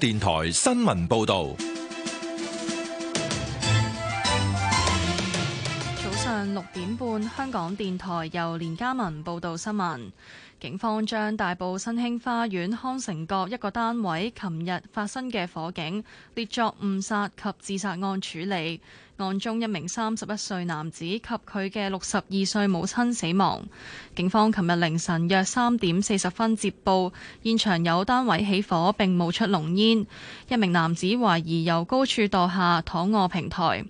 電台新聞報道。半香港電台由連家文報道新聞，警方將大埔新興花園康城閣一個單位琴日發生嘅火警列作誤殺及自殺案處理。案中一名三十一歲男子及佢嘅六十二歲母親死亡。警方琴日凌晨約三點四十分接報，現場有單位起火並冒出濃煙，一名男子懷疑由高處墮下躺卧平台。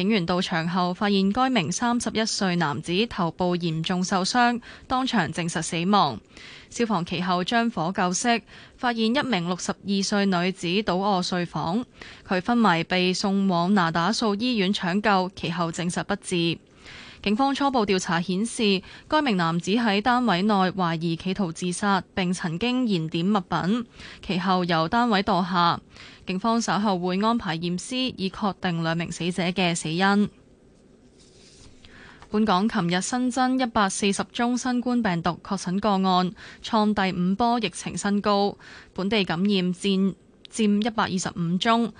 警員到場後，發現該名三十一歲男子頭部嚴重受傷，當場證實死亡。消防其後將火救熄，發現一名六十二歲女子倒臥睡房，佢昏迷被送往那打素醫院搶救，其後證實不治。警方初步調查顯示，該名男子喺單位內懷疑企圖自殺，並曾經燃點物品，其後由單位墮下。警方稍後會安排驗屍，以確定兩名死者嘅死因。本港琴日新增一百四十宗新冠病毒確診個案，創第五波疫情新高，本地感染佔佔一百二十五宗。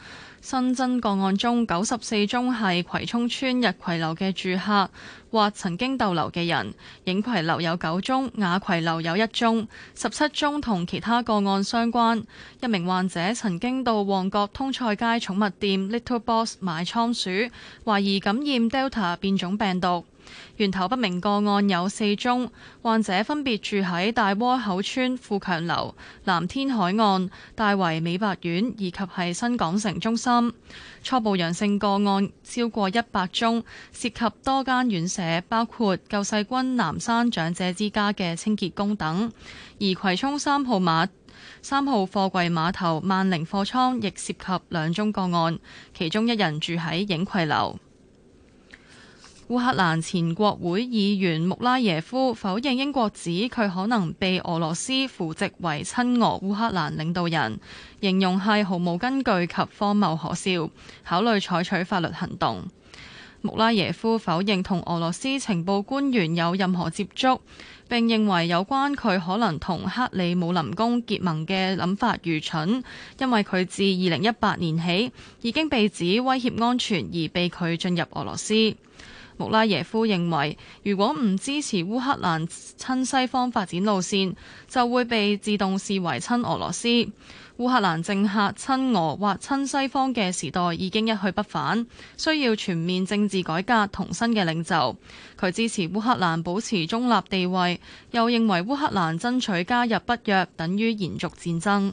新增個案中，九十四宗係葵涌村逸葵樓嘅住客或曾經逗留嘅人，映葵樓有九宗，雅葵樓有一宗，十七宗同其他個案相關。一名患者曾經到旺角通菜街寵物店 Little Boss 買倉鼠，懷疑感染 Delta 變種病毒。源頭不明個案有四宗，患者分別住喺大窩口村富強樓、藍天海岸、大圍美白苑以及係新港城中心。初步陽性個案超過一百宗，涉及多間院舍，包括救世軍南山長者之家嘅清潔工等。而葵涌三號碼三號貨櫃碼頭萬寧貨倉亦涉及兩宗個案，其中一人住喺影葵樓。烏克蘭前國會議員穆拉耶夫否認英國指佢可能被俄羅斯扶植為親俄烏克蘭領導人，形容係毫無根據及荒謬可笑，考慮採取法律行動。穆拉耶夫否認同俄羅斯情報官員有任何接觸，並認為有關佢可能同克里姆林宮結盟嘅諗法愚蠢，因為佢自二零一八年起已經被指威脅安全而被拒進入俄羅斯。穆拉耶夫認為，如果唔支持烏克蘭親西方發展路線，就會被自動視為親俄羅斯。烏克蘭政客親俄或親西方嘅時代已經一去不返，需要全面政治改革同新嘅領袖。佢支持烏克蘭保持中立地位，又認為烏克蘭爭取加入北約等於延續戰爭。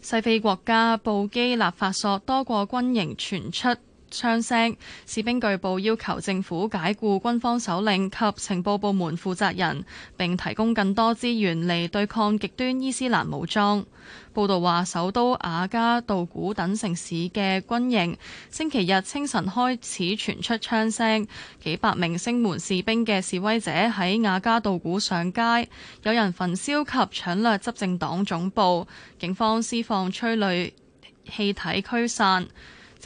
西非國家布基納法索多個軍營傳出槍聲，士兵據報要求政府解雇軍方首領及情報部門負責人，並提供更多資源嚟對抗極端伊斯蘭武裝。報道話，首都雅加道古等城市嘅軍營星期日清晨開始傳出槍聲，幾百名聲援士兵嘅示威者喺雅加道古上街，有人焚燒及搶掠執政黨總部，警方施放催淚氣體驅散。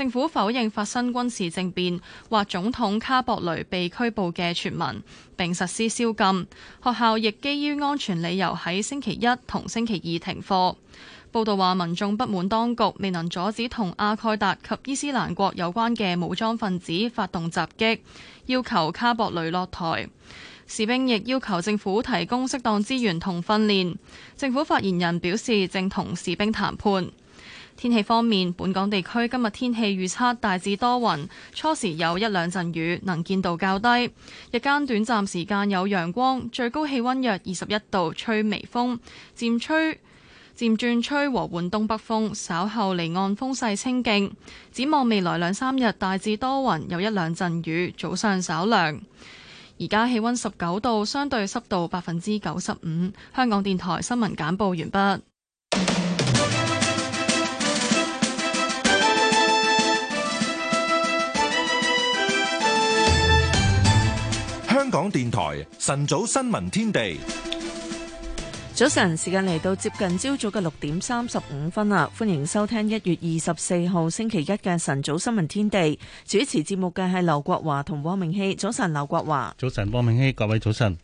政府否認發生軍事政變或總統卡博雷被拘捕嘅傳聞，並實施宵禁。學校亦基於安全理由喺星期一同星期二停課。報道話民眾不滿當局未能阻止同阿蓋達及伊斯蘭國有關嘅武裝分子發動襲擊，要求卡博雷落台。士兵亦要求政府提供適當資源同訓練。政府發言人表示正同士兵談判。天氣方面，本港地區今日天氣預測大致多雲，初時有一兩陣雨，能見度較低。日間短暫時間有陽光，最高氣溫約二十一度，吹微風，漸吹漸轉吹和緩東北風，稍後離岸風勢清勁，展望未來兩三日，大致多雲，有一兩陣雨，早上稍涼。而家氣溫十九度，相對濕度百分之九十五。香港電台新聞簡報完畢。港電台晨早新聞天地，早晨，時間嚟到接近朝早嘅六點三十五分啦，歡迎收聽一月二十四號星期一嘅晨早新聞天地，主持節目嘅係劉國華同汪明熙。早晨，劉國華，早晨，汪明熙，各位早晨。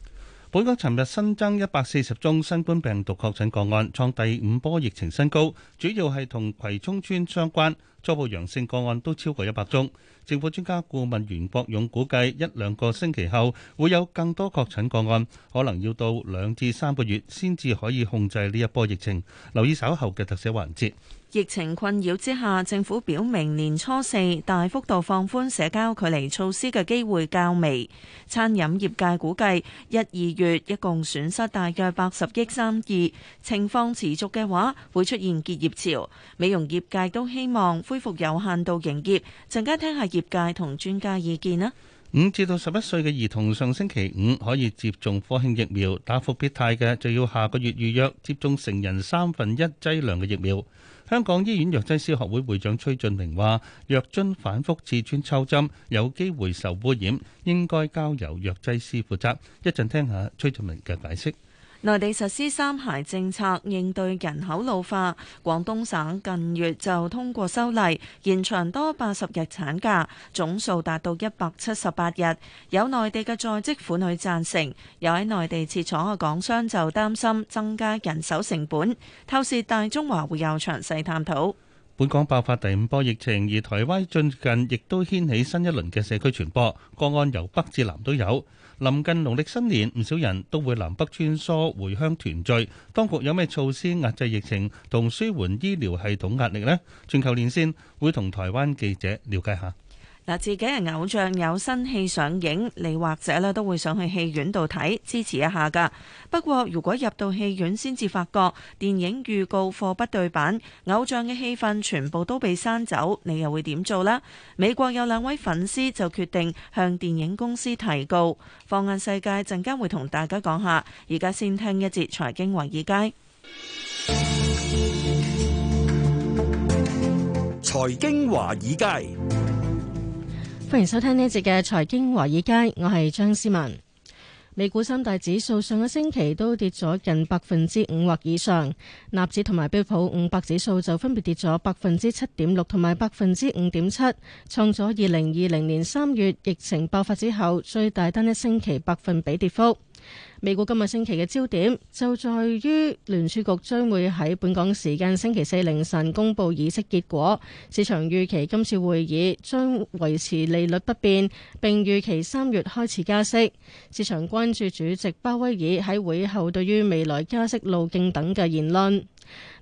本港尋日新增一百四十宗新冠病毒確診個案，創第五波疫情新高，主要係同葵涌村相關。初步陽性個案都超過一百宗。政府專家顧問袁國勇估計，一兩個星期後會有更多確診個案，可能要到兩至三個月先至可以控制呢一波疫情。留意稍後嘅特寫環節。疫情困擾之下，政府表明年初四大幅度放寬社交距離措施嘅機會較微。餐飲業界估計一、二月一共損失大約八十億三二。情況持續嘅話，會出現結業潮。美容業界都希望。恢復有限度營業，陣間聽下業界同專家意見啦。五至到十一歲嘅兒童上星期五可以接種科興疫苗，打複必泰嘅就要下個月預約接種成人三分一劑量嘅疫苗。香港醫院藥劑師學會會長崔俊明話：藥樽反覆刺穿抽針，有機會受污染，應該交由藥劑師負責。一陣聽下崔俊明嘅解釋。內地實施三孩政策應對人口老化，廣東省近月就通過修例延長多八十日產假，總數達到一百七十八日。有內地嘅在職婦女贊成，有喺內地設廠嘅港商就擔心增加人手成本。透視大中華會有詳細探討。本港爆發第五波疫情，而台灣最近亦都掀起新一輪嘅社區傳播，個案由北至南都有。臨近農曆新年，唔少人都會南北穿梭回鄉團聚。當局有咩措施壓制疫情同舒緩醫療系統壓力呢？全球連線會同台灣記者瞭解下。嗱，自己係偶像，有新戲上映，你或者咧都會想去戲院度睇，支持一下㗎。不過，如果入到戲院先至發覺電影預告貨不對版，偶像嘅戲份全部都被刪走，你又會點做呢？美國有兩位粉絲就決定向電影公司提告。放眼世界，陣間會同大家講下。而家先聽一節《財經華爾街》。財經華爾街。歡迎收聽呢一節嘅財經華爾街，我係張思文。美股三大指數上個星期都跌咗近百分之五或以上，納指同埋標普五百指數就分別跌咗百分之七點六同埋百分之五點七，創咗二零二零年三月疫情爆發之後最大單一星期百分比跌幅。美國今日星期嘅焦點就在於聯儲局將會喺本港時間星期四凌晨公佈議息結果。市場預期今次會議將維持利率不變，並預期三月開始加息。市場關注主席鮑威爾喺會後對於未來加息路徑等嘅言論。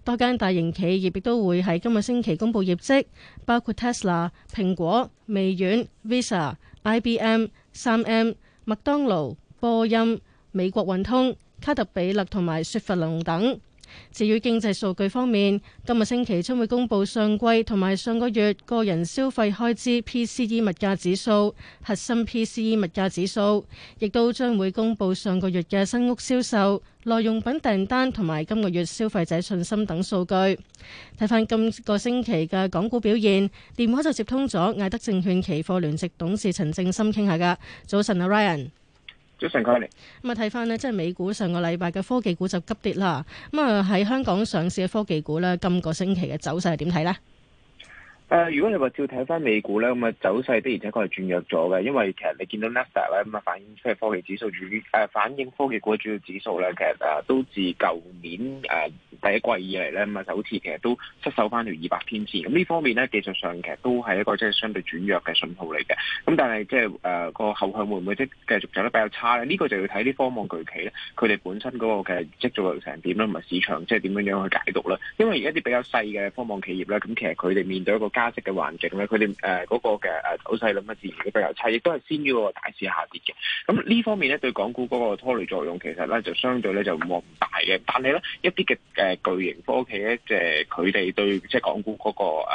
多間大型企業亦都會喺今日星期公佈業績，包括 Tesla、蘋果、微軟、Visa、IBM、三 M、麥當勞、波音。美國運通、卡特彼勒同埋雪佛龍等。至於經濟數據方面，今個星期將會公佈上季同埋上個月個人消費開支 （PCE） 物價指數、核心 PCE 物價指數，亦都將會公佈上個月嘅新屋銷售、耐用品訂單同埋今個月消費者信心等數據。睇翻今個星期嘅港股表現，電話就接通咗艾德證券期貨聯席董事陳政深傾下㗎。早晨，阿 Ryan。早晨，康寧。咁啊，睇翻呢，即係美股上個禮拜嘅科技股就急跌啦。咁啊，喺香港上市嘅科技股呢，今個星期嘅走勢係點睇呢？誒、呃，如果你話照睇翻美股咧，咁、嗯、啊走勢的而且確係轉弱咗嘅，因為其實你見到納斯達克咧、嗯，咁啊反映出係科技指數主誒、呃、反映科技股嘅主要指數咧，其實誒都、呃、自舊年誒、呃、第一季以嚟咧，咁啊首次其實都失守翻條二百天線。咁、嗯、呢方面咧，技術上其實都係一個即係相對轉弱嘅信號嚟嘅。咁、嗯、但係即係誒個後向會唔會即係繼續走得比較差咧？呢、這個就要睇啲科網巨企咧，佢哋本身嗰個其實績效成點啦，同埋市場即係點樣樣去解讀啦。因為而家啲比較細嘅科網企業咧，咁其實佢哋面對一個加息嘅環境咧，佢哋誒嗰個嘅誒走勢咁啊，哦、自然嘅不油差，亦都係先於嗰個大市下跌嘅。咁呢方面咧，對港股嗰個拖累作用其實咧，就相對咧就冇咁大嘅。但係咧，一啲嘅誒巨型科企咧，即係佢哋對即係港股嗰、那個誒、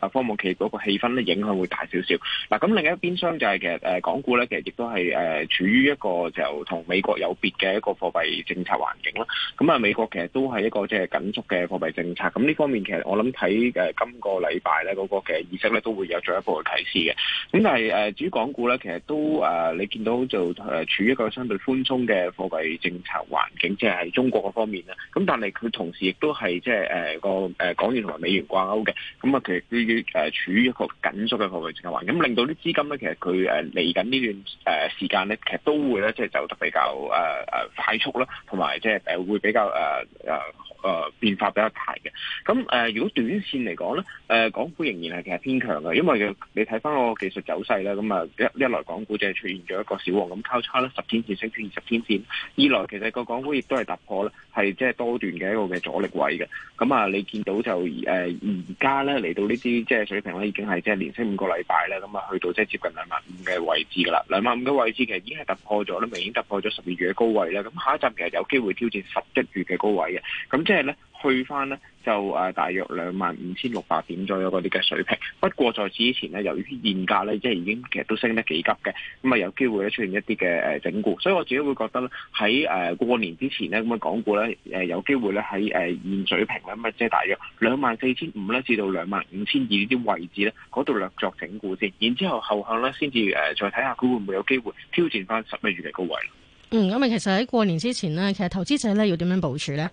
呃、科技企嗰個氣氛咧，影響會大少少。嗱，咁另一邊廂就係其實誒港股咧，其實亦、呃、都係誒、呃、處於一個就同美國有別嘅一個貨幣政策環境啦。咁啊，美國其實都係一個即係緊縮嘅貨幣政策。咁呢方面其實我諗睇誒今個禮拜。咧嗰個嘅意識咧都會有進一步嘅啟示嘅。咁但係誒，至於港股咧，其實都誒，你見到就誒處於一個相對寬鬆嘅貨幣政策環境，即係喺中國嗰方面啦。咁但係佢同時亦都係即係誒個誒港元同埋美元掛鈎嘅。咁啊，其實佢越誒處於一個緊縮嘅貨幣政策環境，令到啲資金咧，其實佢誒嚟緊呢段誒時間咧，其實都會咧即係走得比較誒誒快速啦，同埋即係誒會比較誒誒。誒，變化比較大嘅，咁誒、呃，如果短線嚟講咧，誒、呃，港股仍然係其實偏強嘅，因為你睇翻個技術走勢啦。咁啊一一來港股就係出現咗一個小黃咁交叉啦，十天綫升穿二十天綫，二來其實個港股亦都係突破啦，係即係多段嘅一個嘅阻力位嘅，咁啊，你見到就誒而家咧嚟到呢啲即係水平咧，已經係即係連升五個禮拜咧，咁啊去到即係接近兩萬五嘅位置噶啦，兩萬五嘅位置其實已經係突破咗啦，明顯突破咗十二月嘅高位咧，咁下一站其實有機會挑戰十一月嘅高位嘅，咁即係。即係去翻咧就誒，大約兩萬五千六百點左右嗰啲嘅水平。不過在此之前呢，由於現價咧即係已經其實都升得幾急嘅，咁啊有機會咧出現一啲嘅誒整固。所以我自己會覺得咧喺誒過年之前咧，咁啊港股咧誒有機會咧喺誒現水平咧，咪即係大約兩萬四千五咧至到兩萬五千二呢啲位置咧，嗰度略作整固先。然之後後向咧先至誒再睇下佢會唔會有機會挑戰翻十個月嘅高位。嗯，咁啊，其實喺過年之前咧，其實投資者咧要點樣部署咧？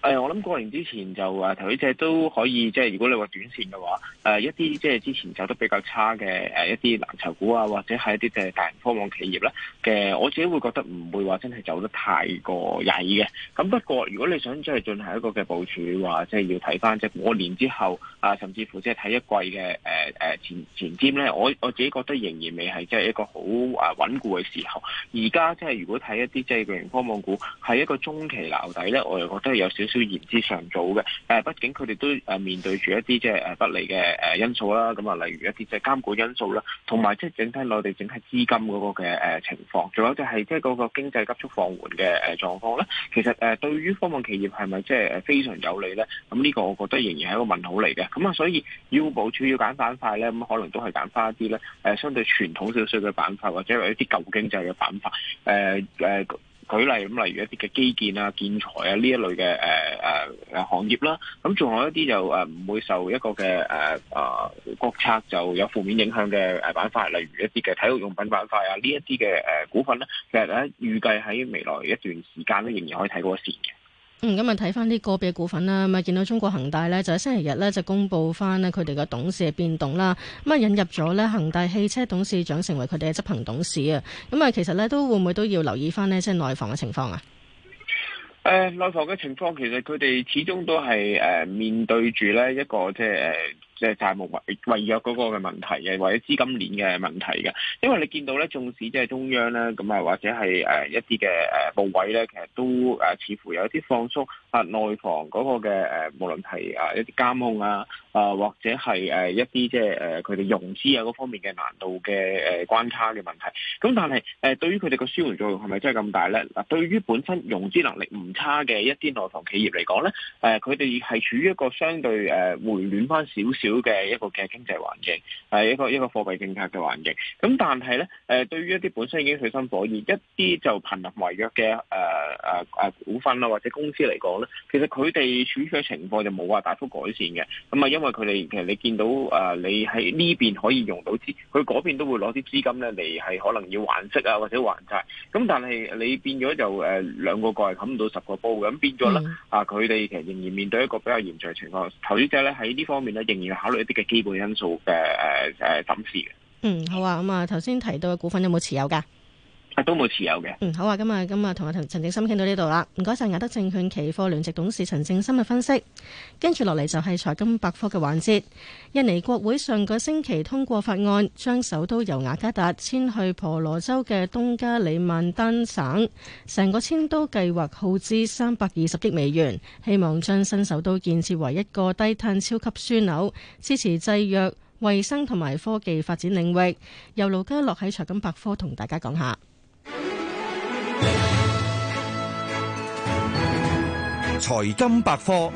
誒、哎，我諗過年之前就誒，頭先即都可以，即係如果你話短線嘅話，誒、呃、一啲即係之前走得比較差嘅誒、呃、一啲藍籌股啊，或者係一啲即係大型科網企業咧嘅、呃，我自己會覺得唔會話真係走得太過曳嘅。咁不過如果你想即係進行一個嘅部署，話即係要睇翻即係過年之後啊，甚至乎即係睇一季嘅誒誒前前瞻咧，我我自己覺得仍然未係即係一個好誒穩固嘅時候。而家即係如果睇一啲即係大型科網股係一個中期留底咧，我又覺得有少。少言之尚早嘅，誒，畢竟佢哋都誒面對住一啲即係誒不利嘅誒因素啦，咁啊，例如一啲即係監管因素啦，同埋即係整體內地整體資金嗰個嘅誒情況，仲有就係即係嗰個經濟急速放緩嘅誒狀況咧。其實誒，對於科網企業係咪即係誒非常有利咧？咁呢個我覺得仍然係一個問號嚟嘅。咁啊，所以要部署、要揀板塊咧，咁可能都係揀翻一啲咧，誒相對傳統少少嘅板塊，或者係一啲舊經濟嘅板塊，誒誒。舉例咁，例如一啲嘅基建啊、建材啊呢一類嘅誒誒誒行業啦、啊，咁仲有一啲就誒唔會受一個嘅誒誒國策就有負面影響嘅誒板塊，例如一啲嘅體育用品板塊啊呢一啲嘅誒股份咧，其實咧預計喺未來一段時間咧仍然可以睇過線嘅。嗯，咁啊睇翻啲個別股份啦，咁啊見到中國恒大咧就喺星期日咧就公布翻咧佢哋嘅董事嘅變動啦，咁啊引入咗咧恒大汽車董事長成為佢哋嘅執行董事啊，咁、嗯、啊其實咧都會唔會都要留意翻呢？即係內房嘅情況啊？誒、呃，內房嘅情況其實佢哋始終都係誒、呃、面對住咧一個即係誒。呃即係債務違違約嗰個嘅問題嘅，或者資金鏈嘅問題嘅，因為你見到咧，縱使即係中央咧，咁啊或者係誒一啲嘅誒部委咧，其實都誒似乎有啲放鬆啊內房嗰個嘅誒，無論係啊一啲監控啊，啊或者係誒一啲即係誒佢哋融資啊嗰方面嘅難度嘅誒關卡嘅問題，咁但係誒對於佢哋個舒緩作用係咪真係咁大咧？嗱，對於本身融資能力唔差嘅一啲內房企業嚟講咧，誒佢哋係處於一個相對誒回暖翻少少，嘅一個嘅經濟環境，係一個一個貨幣政策嘅環境。咁但係咧，誒對於一啲本身已經水深火熱、一啲就瀕臨違約嘅誒誒誒股份啦，或者公司嚟講咧，其實佢哋處處嘅情況就冇話大幅改善嘅。咁、嗯、啊，因為佢哋其實你見到誒，你喺呢邊可以用到資金，佢嗰邊都會攞啲資金咧嚟係可能要還息啊，或者還債。咁但係你變咗就誒兩個蓋冚唔到十個煲咁變咗咧啊，佢哋其實仍然面對一個比較嚴峻嘅情況。投資者咧喺呢方面咧仍然。考慮一啲嘅基本因素嘅誒誒，審視嘅。嗯，好啊。咁、嗯、啊，頭先提到嘅股份有冇持有噶？都冇持有嘅。嗯，好啊！今日咁啊，同阿陳正心傾到呢度啦。唔該晒，雅德證券期貨聯席董事陳正心嘅分析。跟住落嚟就係財金百科嘅環節。印尼國會上個星期通過法案，將首都由雅加達遷去婆羅洲嘅東加里曼丹省。成個遷都計劃耗資三百二十億美元，希望將新首都建設為一個低碳超級樞紐，支持製藥衛生同埋科技發展領域。由盧家樂喺財金百科同大家講下。財金百科，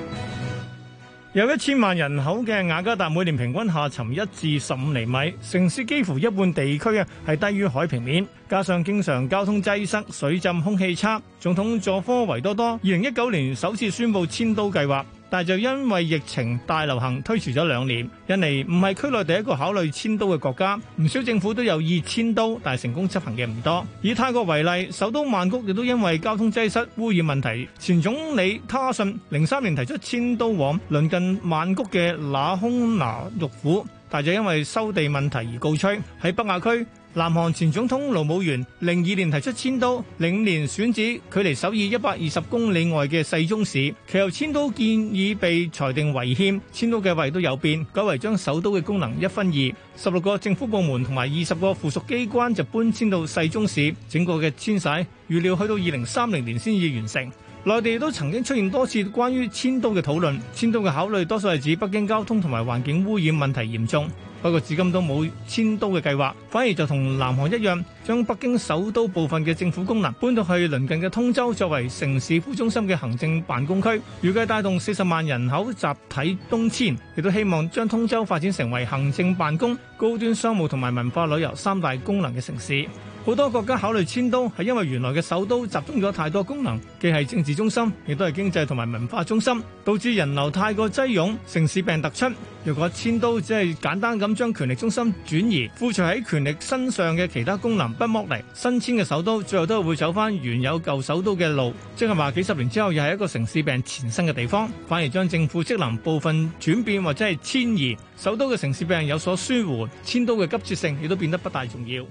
有一千萬人口嘅雅加達，每年平均下沉一至十五厘米，城市幾乎一半地區啊係低於海平面，加上經常交通擠塞、水浸、空氣差。總統佐科維多多二零一九年首次宣布遷都計劃。但就因為疫情大流行，推遲咗兩年，印尼唔係區內第一個考慮遷都嘅國家，唔少政府都有意遷都，但成功執行嘅唔多。以泰國為例，首都曼谷亦都因為交通擠塞、污染問題，前總理他信零三年提出遷都往鄰近曼谷嘅那空拿玉府，但就因為收地問題而告吹。喺北亞區。南韓前總統盧武鉉零二年提出遷都，零五年選址距離首爾一百二十公里外嘅世宗市。其後遷都建議被裁定違憲，遷都嘅位都有變，改為將首都嘅功能一分二，十六個政府部門同埋二十個附屬機關就搬遷到世宗市。整個嘅遷徙預料去到二零三零年先至完成。內地亦都曾經出現多次關於遷都嘅討論，遷都嘅考慮多數係指北京交通同埋環境污染問題嚴重，不過至今都冇遷都嘅計劃，反而就同南韓一樣，將北京首都部分嘅政府功能搬到去鄰近嘅通州，作為城市副中心嘅行政辦公區，預計帶動四十萬人口集體東遷，亦都希望將通州發展成為行政辦公、高端商務同埋文化旅遊三大功能嘅城市。好多國家考慮遷都係因為原來嘅首都集中咗太多功能，既係政治中心，亦都係經濟同埋文化中心，導致人流太過擠擁，城市病突出。若果遷都只係簡單咁將權力中心轉移，附隨喺權力身上嘅其他功能不剝離，新遷嘅首都最後都係會走翻原有舊首都嘅路，即係話幾十年之後又係一個城市病前身嘅地方。反而將政府職能部分轉變或者係遷移首都嘅城市病有所舒緩，遷都嘅急切性亦都變得不大重要。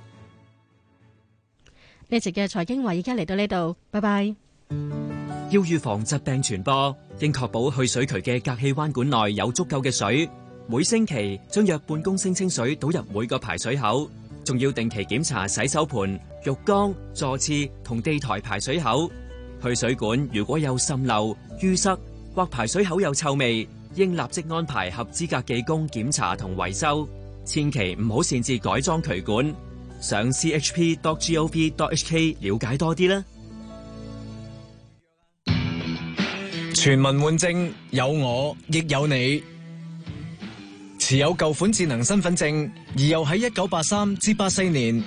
呢集嘅財經話，而家嚟到呢度，拜拜。要預防疾病傳播，應確保去水渠嘅隔氣彎管內有足夠嘅水。每星期將約半公升清水倒入每個排水口，仲要定期檢查洗手盆、浴缸、坐廁同地台排水口。去水管如果有滲漏、淤塞或排水口有臭味，應立即安排合資格技工檢查同維修。千祈唔好擅自改裝渠管。上 chp.gov.hk 了解多啲啦。全民換證，有我，亦有你，持有舊款智能身份證而又喺一九八三至八四年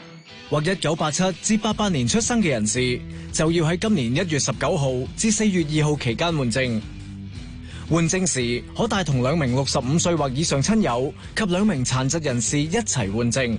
或一九八七至八八年出生嘅人士，就要喺今年一月十九號至四月二號期間換證。換證時，可帶同兩名六十五歲或以上親友及兩名殘疾人士一齊換證。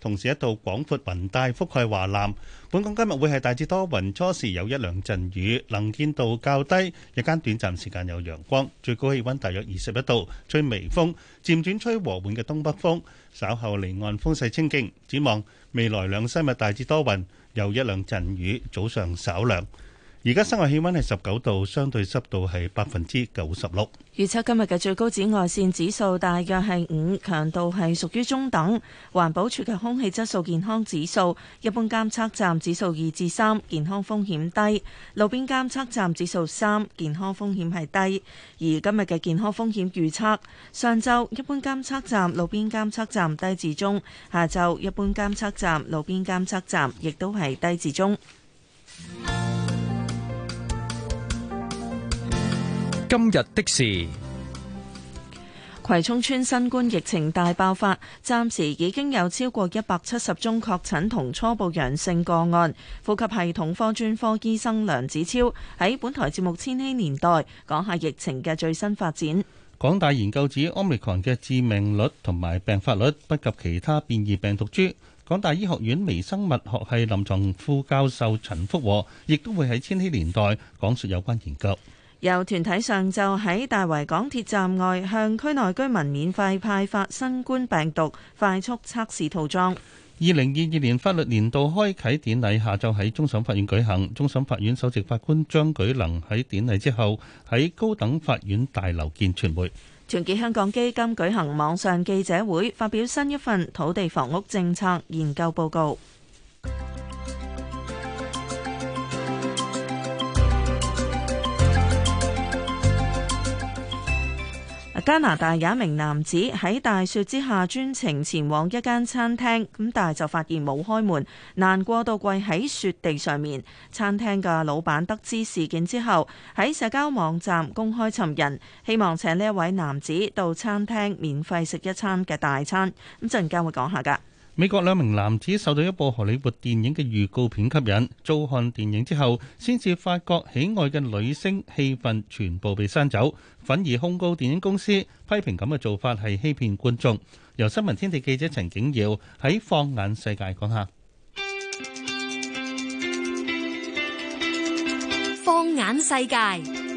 同時一道廣闊雲帶覆蓋華南，本港今日會係大致多雲，初時有一兩陣雨，能見度較低，日間短暫時間有陽光，最高氣溫大約二十一度，吹微風，漸轉吹和緩嘅東北風，稍後離岸風勢清勁。展望未來兩三日大致多雲，有一兩陣雨，早上稍涼。而家室外氣溫係十九度，相對濕度係百分之九十六。預測今日嘅最高紫外線指數大約係五，強度係屬於中等。環保署嘅空氣質素健康指數，一般監測站指數二至三，健康風險低；路邊監測站指數三，健康風險係低。而今日嘅健康風險預測，上晝一般監測站、路邊監測站低至中；下晝一般監測站、路邊監測站亦都係低至中。今日的事，葵涌村新冠疫情大爆發，暫時已經有超過一百七十宗確診同初步陽性個案。呼吸系統科專科醫生梁子超喺本台節目《千禧年代》講下疫情嘅最新發展。港大研究指，Omicron 嘅致命率同埋病發率不及其他變異病毒株。港大醫學院微生物學系臨牀副教授陳福和亦都會喺《千禧年代》講述有關研究。由團體上晝喺大圍港鐵站外向區內居民免費派發新冠病毒快速測試套裝。二零二二年法律年度開啓典禮下晝喺終審法院舉行，終審法院首席法官張舉能喺典禮之後喺高等法院大樓見傳媒。團結香港基金舉行網上記者會，發表新一份土地房屋政策研究報告。加拿大有一名男子喺大雪之下專程前往一間餐廳，咁但係就發現冇開門，難過到跪喺雪地上面。餐廳嘅老闆得知事件之後，喺社交網站公開尋人，希望請呢一位男子到餐廳免費食一餐嘅大餐。咁陣間會講下噶。美國兩名男子受到一部荷里活電影嘅預告片吸引，做看電影之後，先至發覺喜愛嘅女星戲份全部被刪走，憤而控告電影公司，批評咁嘅做法係欺騙觀眾。由新聞天地記者陳景耀喺放眼世界講下。放眼世界。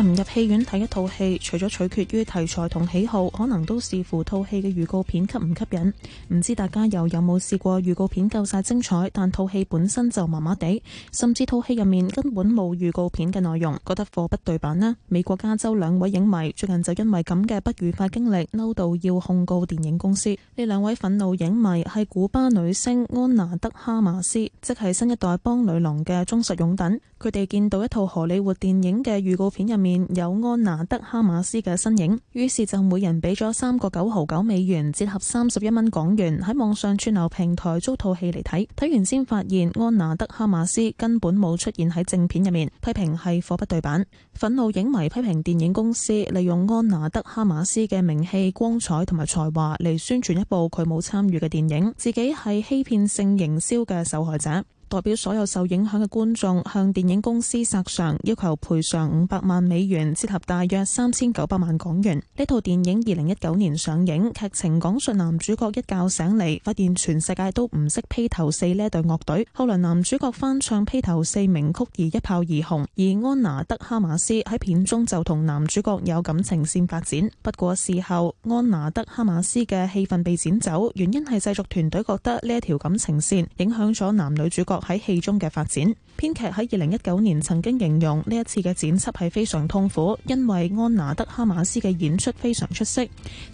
入唔入戲院睇一套戲，除咗取決於題材同喜好，可能都視乎套戲嘅預告片吸唔吸引。唔知大家又有冇試過預告片夠晒精彩，但套戲本身就麻麻地，甚至套戲入面根本冇預告片嘅內容，覺得貨不對版呢？呢美國加州兩位影迷最近就因為咁嘅不愉快經歷，嬲到要控告電影公司。呢兩位憤怒影迷係古巴女星安娜德哈馬斯，即係新一代邦女郎嘅忠實擁躉。佢哋見到一套荷里活電影嘅預告片入面。面有安娜德哈馬斯嘅身影，於是就每人俾咗三個九毫九美元，折合三十一蚊港元喺網上串流平台租套戲嚟睇，睇完先發現安娜德哈馬斯根本冇出現喺正片入面，批評係貨不對版。憤怒影迷批評電影公司利用安娜德哈馬斯嘅名氣、光彩同埋才華嚟宣傳一部佢冇參與嘅電影，自己係欺騙性營銷嘅受害者。代表所有受影響嘅觀眾向電影公司索償，要求賠償五百萬美元，折合大約三千九百萬港元。呢套電影二零一九年上映，劇情講述男主角一覺醒嚟，發現全世界都唔識披頭四呢一隊樂隊。後來男主角翻唱披頭四名曲而一炮而紅，而安娜德哈馬斯喺片中就同男主角有感情線發展。不過事後安娜德哈馬斯嘅戲份被剪走，原因係製作團隊覺得呢一條感情線影響咗男女主角。喺戲中嘅發展，編劇喺二零一九年曾經形容呢一次嘅剪輯係非常痛苦，因為安拿德哈馬斯嘅演出非常出色。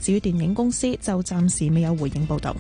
至於電影公司就暫時未有回應報道。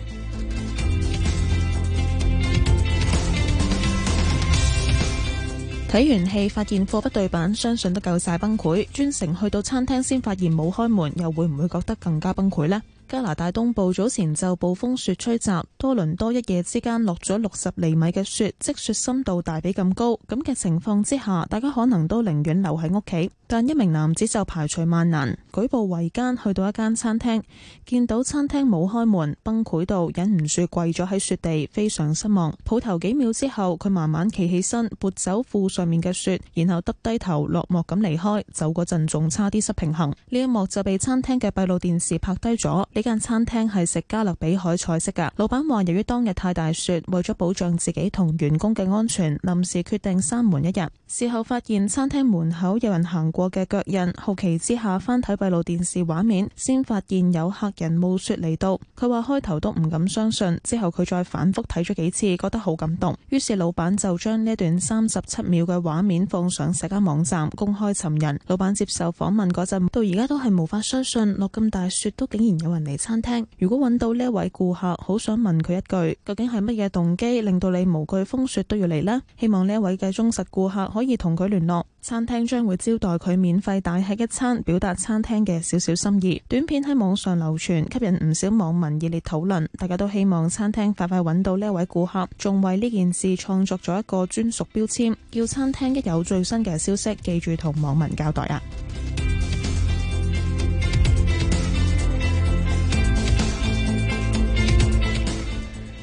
睇 完戲發現貨不對版，相信都夠晒崩潰。專程去到餐廳，先發現冇開門，又會唔會覺得更加崩潰呢？加拿大東部早前就暴風雪吹襲，多倫多一夜之間落咗六十厘米嘅雪，積雪深度大髀咁高。咁嘅情況之下，大家可能都寧願留喺屋企。但一名男子就排除萬難，舉步維艱去到一間餐廳，見到餐廳冇開門，崩潰到忍唔住跪咗喺雪地，非常失望。抱頭幾秒之後，佢慢慢企起身，撥走褲上面嘅雪，然後耷低頭落寞咁離開。走嗰陣仲差啲失平衡，呢一幕就被餐廳嘅閉路電視拍低咗。間餐廳係食加勒比海菜式噶。老闆話，由於當日太大雪，為咗保障自己同員工嘅安全，臨時決定閂門一日。事後發現餐廳門口有人行過嘅腳印，好奇之下翻睇閉路電視畫面，先發現有客人冒雪嚟到。佢話開頭都唔敢相信，之後佢再反復睇咗幾次，覺得好感動。於是老闆就將呢段三十七秒嘅畫面放上社交網站公開尋人。老闆接受訪問嗰陣，到而家都係無法相信落咁大雪都竟然有人嚟。餐廳如果揾到呢位顧客，好想問佢一句，「究竟係乜嘢動機令到你無懼風雪都要嚟呢？」希望呢位嘅忠實顧客可以同佢聯絡，餐廳將會招待佢免費大吃一餐，表達餐廳嘅小小心意。短片喺網上流傳，吸引唔少網民熱烈討論，大家都希望餐廳快快揾到呢位顧客，仲為呢件事創作咗一個專屬標籤，叫餐廳一有最新嘅消息，記住同網民交代啊！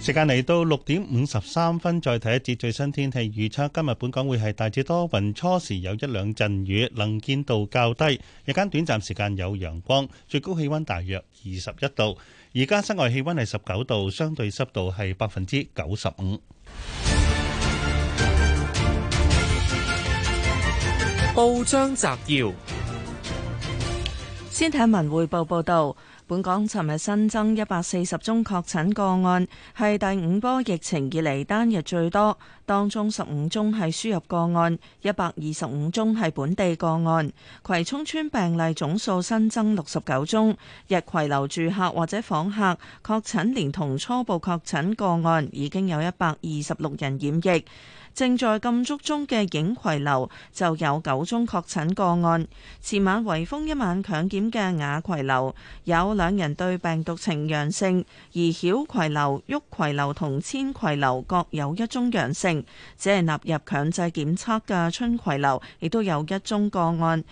時間嚟到六點五十三分，再睇一節最新天氣預測。今日本港會係大致多雲，初時有一兩陣雨，能見度較低，日間短暫時間有陽光，最高氣温大約二十一度。而家室外氣温係十九度，相對濕度係百分之九十五。報章摘要：先睇文匯報報道。本港尋日新增一百四十宗確診個案，係第五波疫情以嚟單日最多，當中十五宗係輸入個案，一百二十五宗係本地個案。葵涌村病例總數新增六十九宗，日葵樓住客或者訪客確診，連同初步確診個案，已經有一百二十六人染疫。正在禁足中嘅映葵樓就有九宗確診個案。前晚圍封一晚強檢嘅雅葵樓有兩人對病毒呈陽性，而曉葵樓、旭葵樓同千葵樓各有一宗陽性。只係納入強制檢測嘅春葵樓亦都有一宗個案，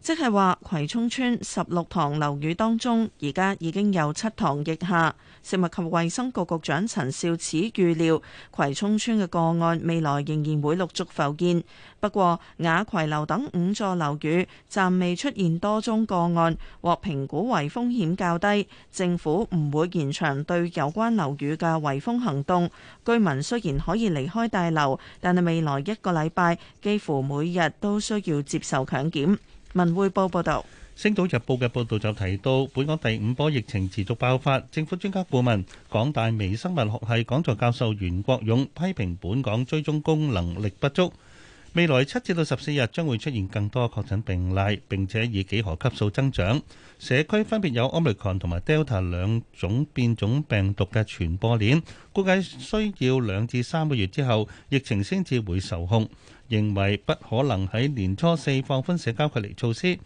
即係話葵涌邨十六幢樓宇當中，而家已經有七幢疫廈。食物及衛生局局長陳肇始預料葵涌村嘅個案未來仍然會陸續浮現，不過雅葵樓等五座樓宇暫未出現多宗個案，或評估為風險較低，政府唔會延長對有關樓宇嘅圍封行動。居民雖然可以離開大樓，但係未來一個禮拜幾乎每日都需要接受強檢。文匯報報道。《星島日報》嘅報道就提到，本港第五波疫情持續爆發，政府專家顧問、港大微生物學系講座教授袁國勇批評本港追蹤功能力不足，未來七至到十四日將會出現更多確診病例，並且以幾何級數增長。社區分別有 Omicron 同埋 Delta 兩種變種病毒嘅傳播鏈，估計需要兩至三個月之後疫情先至會受控，認為不可能喺年初四放寬社交距離措施。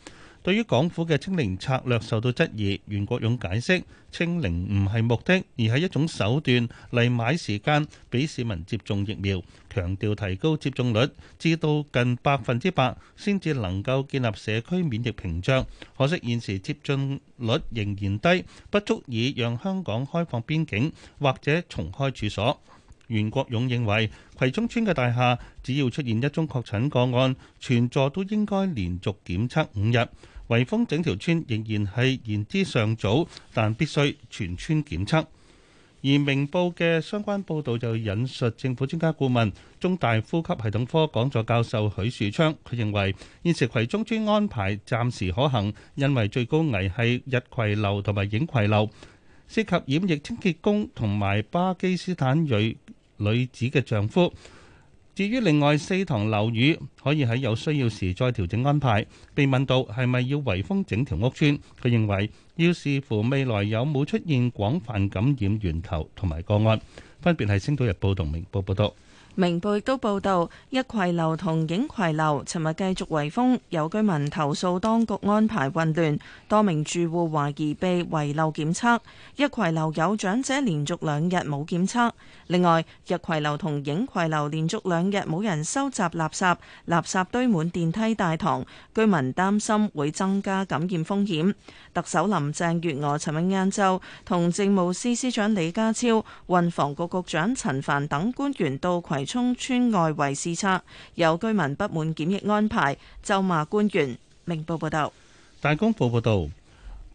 對於港府嘅清零策略受到質疑，袁國勇解釋：清零唔係目的，而係一種手段嚟買時間，俾市民接種疫苗。強調提高接種率，至到近百分之百先至能夠建立社區免疫屏障。可惜現時接種率仍然低，不足以讓香港開放邊境或者重開處所。袁國勇認為葵涌村嘅大廈只要出現一宗確診個案，全座都應該連續檢測五日。圍封整條村仍然係言之尚早，但必須全村檢測。而明報嘅相關報導就引述政府專家顧問、中大呼吸系統科講座教授許樹昌，佢認為現時葵涌邨安排暫時可行，因為最高危係逸葵樓同埋映葵樓，涉及染疫清潔工同埋巴基斯坦裔女子嘅丈夫。至於另外四幢樓宇，可以喺有需要時再調整安排。被問到係咪要圍封整條屋邨，佢認為要視乎未來有冇出現廣泛感染源頭同埋個案，分別係《星島日報》同《明報》報道。明報都報道，一葵樓同影葵樓尋日繼續圍封，有居民投訴當局安排混亂，多名住戶懷疑被遺漏檢測。一葵樓有長者連續兩日冇檢測。另外，一葵樓同影葵樓連續兩日冇人收集垃圾，垃圾堆滿電梯大堂，居民擔心會增加感染風險。特首林鄭月娥尋日晏晝同政務司司長李家超、運房局局長陳凡等官員到葵冲村外圍視察，有居民不滿檢疫安排，就罵官員。明報報道，大公報報道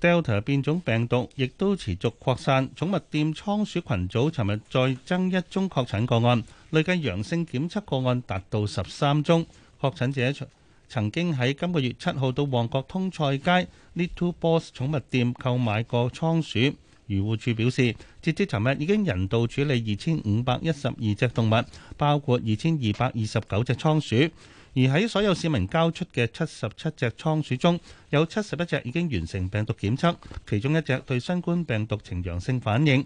，Delta 變種病毒亦都持續擴散。寵物店倉鼠群組尋日再增一宗確診個案，累計陽性檢測個案達到十三宗。確診者曾經喺今個月七號到旺角通菜街 Little Boss 寵物店購買過倉鼠。漁護署表示，截至尋日已經人道處理二千五百一十二隻動物，包括二千二百二十九隻倉鼠。而喺所有市民交出嘅七十七隻倉鼠中，有71隻已經完成病毒檢測，其中一隻對新冠病毒呈陽性反應。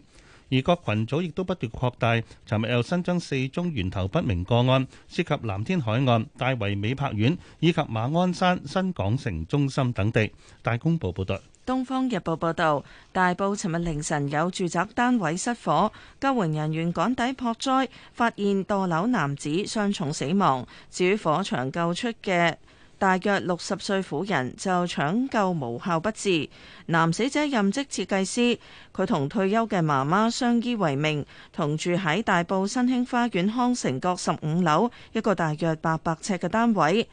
而各群組亦都不斷擴大，尋日又新增四宗源頭不明個案，涉及藍天海岸、大圍美柏苑以及馬鞍山新港城中心等地。大公報報道。《東方日報》報導，大埔尋日凌晨有住宅單位失火，救援人員趕抵撲災，發現墮樓男子傷重死亡。至於火場救出嘅大約六十歲婦人，就搶救無效不治。男死者任職設計師，佢同退休嘅媽媽相依為命，同住喺大埔新興花園康城閣十五樓一個大約八百尺嘅單位。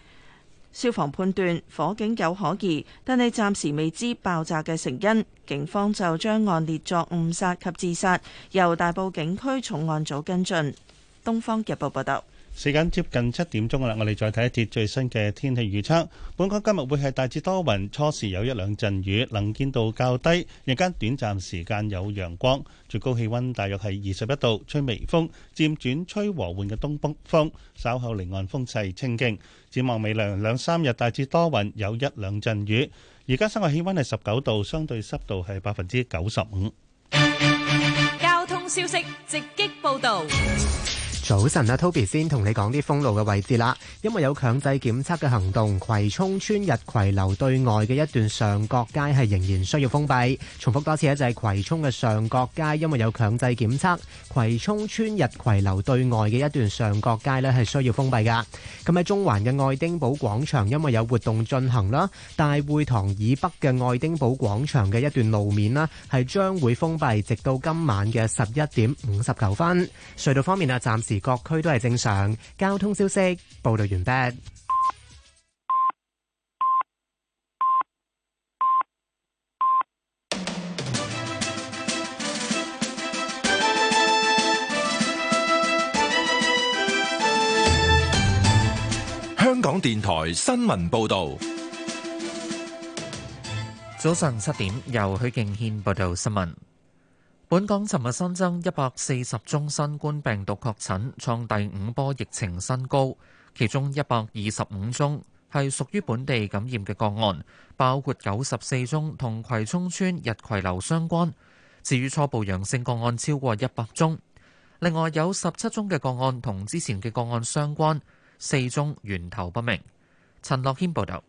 消防判斷火警有可疑，但係暫時未知爆炸嘅成因。警方就將案列作誤殺及自殺，由大埔警區重案組跟進。《東方日報》報道。時間接近七點鐘啦，我哋再睇一節最新嘅天氣預測。本港今日會係大致多雲，初時有一兩陣雨，能見度較低，日間短暫時間有陽光，最高氣溫大約係二十一度，吹微風，漸轉吹和緩嘅東北風，稍後離岸風勢清勁。展望未來兩三日大致多雲，有一兩陣雨。而家室外氣溫係十九度，相對濕度係百分之九十五。交通消息直擊報道。早晨啊，Toby 先同你講啲封路嘅位置啦。因為有強制檢測嘅行動，葵涌村日葵樓對外嘅一段上角街係仍然需要封閉。重複多次咧，就係葵涌嘅上角街，因為有強制檢測，葵涌村日葵樓對外嘅一段上角街咧係需要封閉噶。咁喺中環嘅愛丁堡廣場，因為有活動進行啦，大會堂以北嘅愛丁堡廣場嘅一段路面啦係將會封閉，直到今晚嘅十一點五十九分。隧道方面啊，暫時。各區都係正常交通消息，報道完畢。香港電台新聞報道，早上七點，由許敬軒報道新聞。本港尋日新增一百四十宗新冠病毒確診，創第五波疫情新高。其中一百二十五宗係屬於本地感染嘅個案，包括九十四宗同葵涌村逸葵樓相關。至於初步陽性個案超過一百宗，另外有十七宗嘅個案同之前嘅個案相關，四宗源頭不明。陳樂軒報導。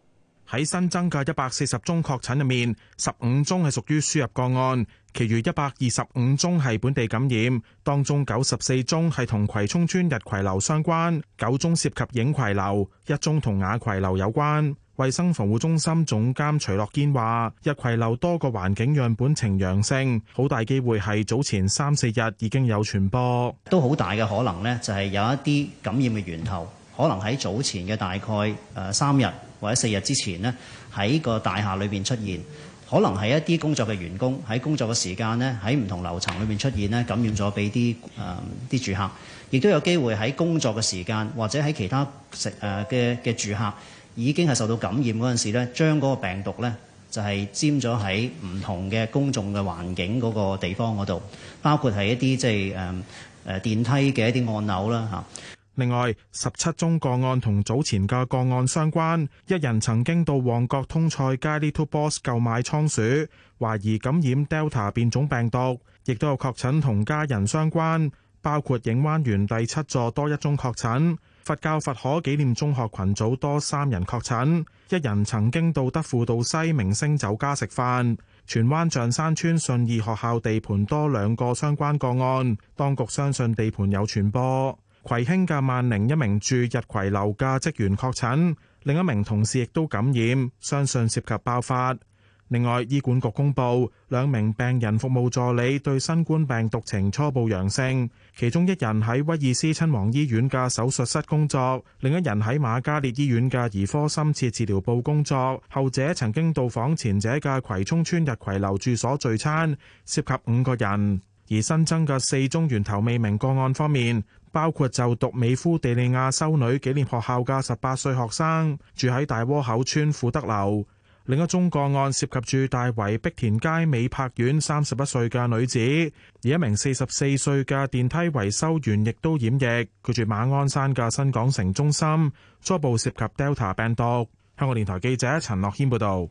喺新增嘅一百四十宗確診入面，十五宗係屬於輸入個案，其餘一百二十五宗係本地感染，當中九十四宗係同葵涌村日葵樓相關，九宗涉及影葵樓，一宗同雅葵樓有關。衛生防護中心總監徐樂堅話：日葵樓多個環境樣本呈陽性，好大機會係早前三四日已經有傳播，都好大嘅可能呢，就係有一啲感染嘅源頭。可能喺早前嘅大概誒三日或者四日之前呢，喺個大廈裏邊出現，可能係一啲工作嘅員工喺工作嘅時間呢，喺唔同樓層裏邊出現呢，感染咗俾啲誒啲住客，亦都有機會喺工作嘅時間或者喺其他食誒嘅嘅住客已經係受到感染嗰陣時呢，將嗰個病毒呢，就係沾咗喺唔同嘅公眾嘅環境嗰個地方嗰度，包括係一啲即係誒誒電梯嘅一啲按鈕啦吓。啊另外，十七宗個案同早前嘅個案相關，一人曾經到旺角通菜街 Little Boss 購買倉鼠，懷疑感染 Delta 變種病毒，亦都有確診同家人相關，包括影灣園第七座多一宗確診，佛教佛可紀念中學群組多三人確診，一人曾經到德輔道西明星酒家食飯，荃灣象山邨信義學校地盤多兩個相關個案，當局相信地盤有傳播。葵興嘅萬寧一名住日葵樓嘅職員確診，另一名同事亦都感染，相信涉及爆發。另外，醫管局公布兩名病人服務助理對新冠病毒呈初步陽性，其中一人喺威爾斯親王醫院嘅手術室工作，另一人喺瑪嘉烈醫院嘅兒科深切治療部工作。後者曾經到訪前者嘅葵涌村日葵樓住所聚餐，涉及五個人。而新增嘅四宗源頭未明個案方面。包括就讀美孚地利亞修女紀念學校嘅十八歲學生，住喺大窩口村富德樓；另一宗個案涉及住大圍碧田街美柏苑三十一歲嘅女子，而一名四十四歲嘅電梯維修員亦都染疫，佢住馬鞍山嘅新港城中心，初步涉及 Delta 病毒。香港電台記者陳樂謙報道。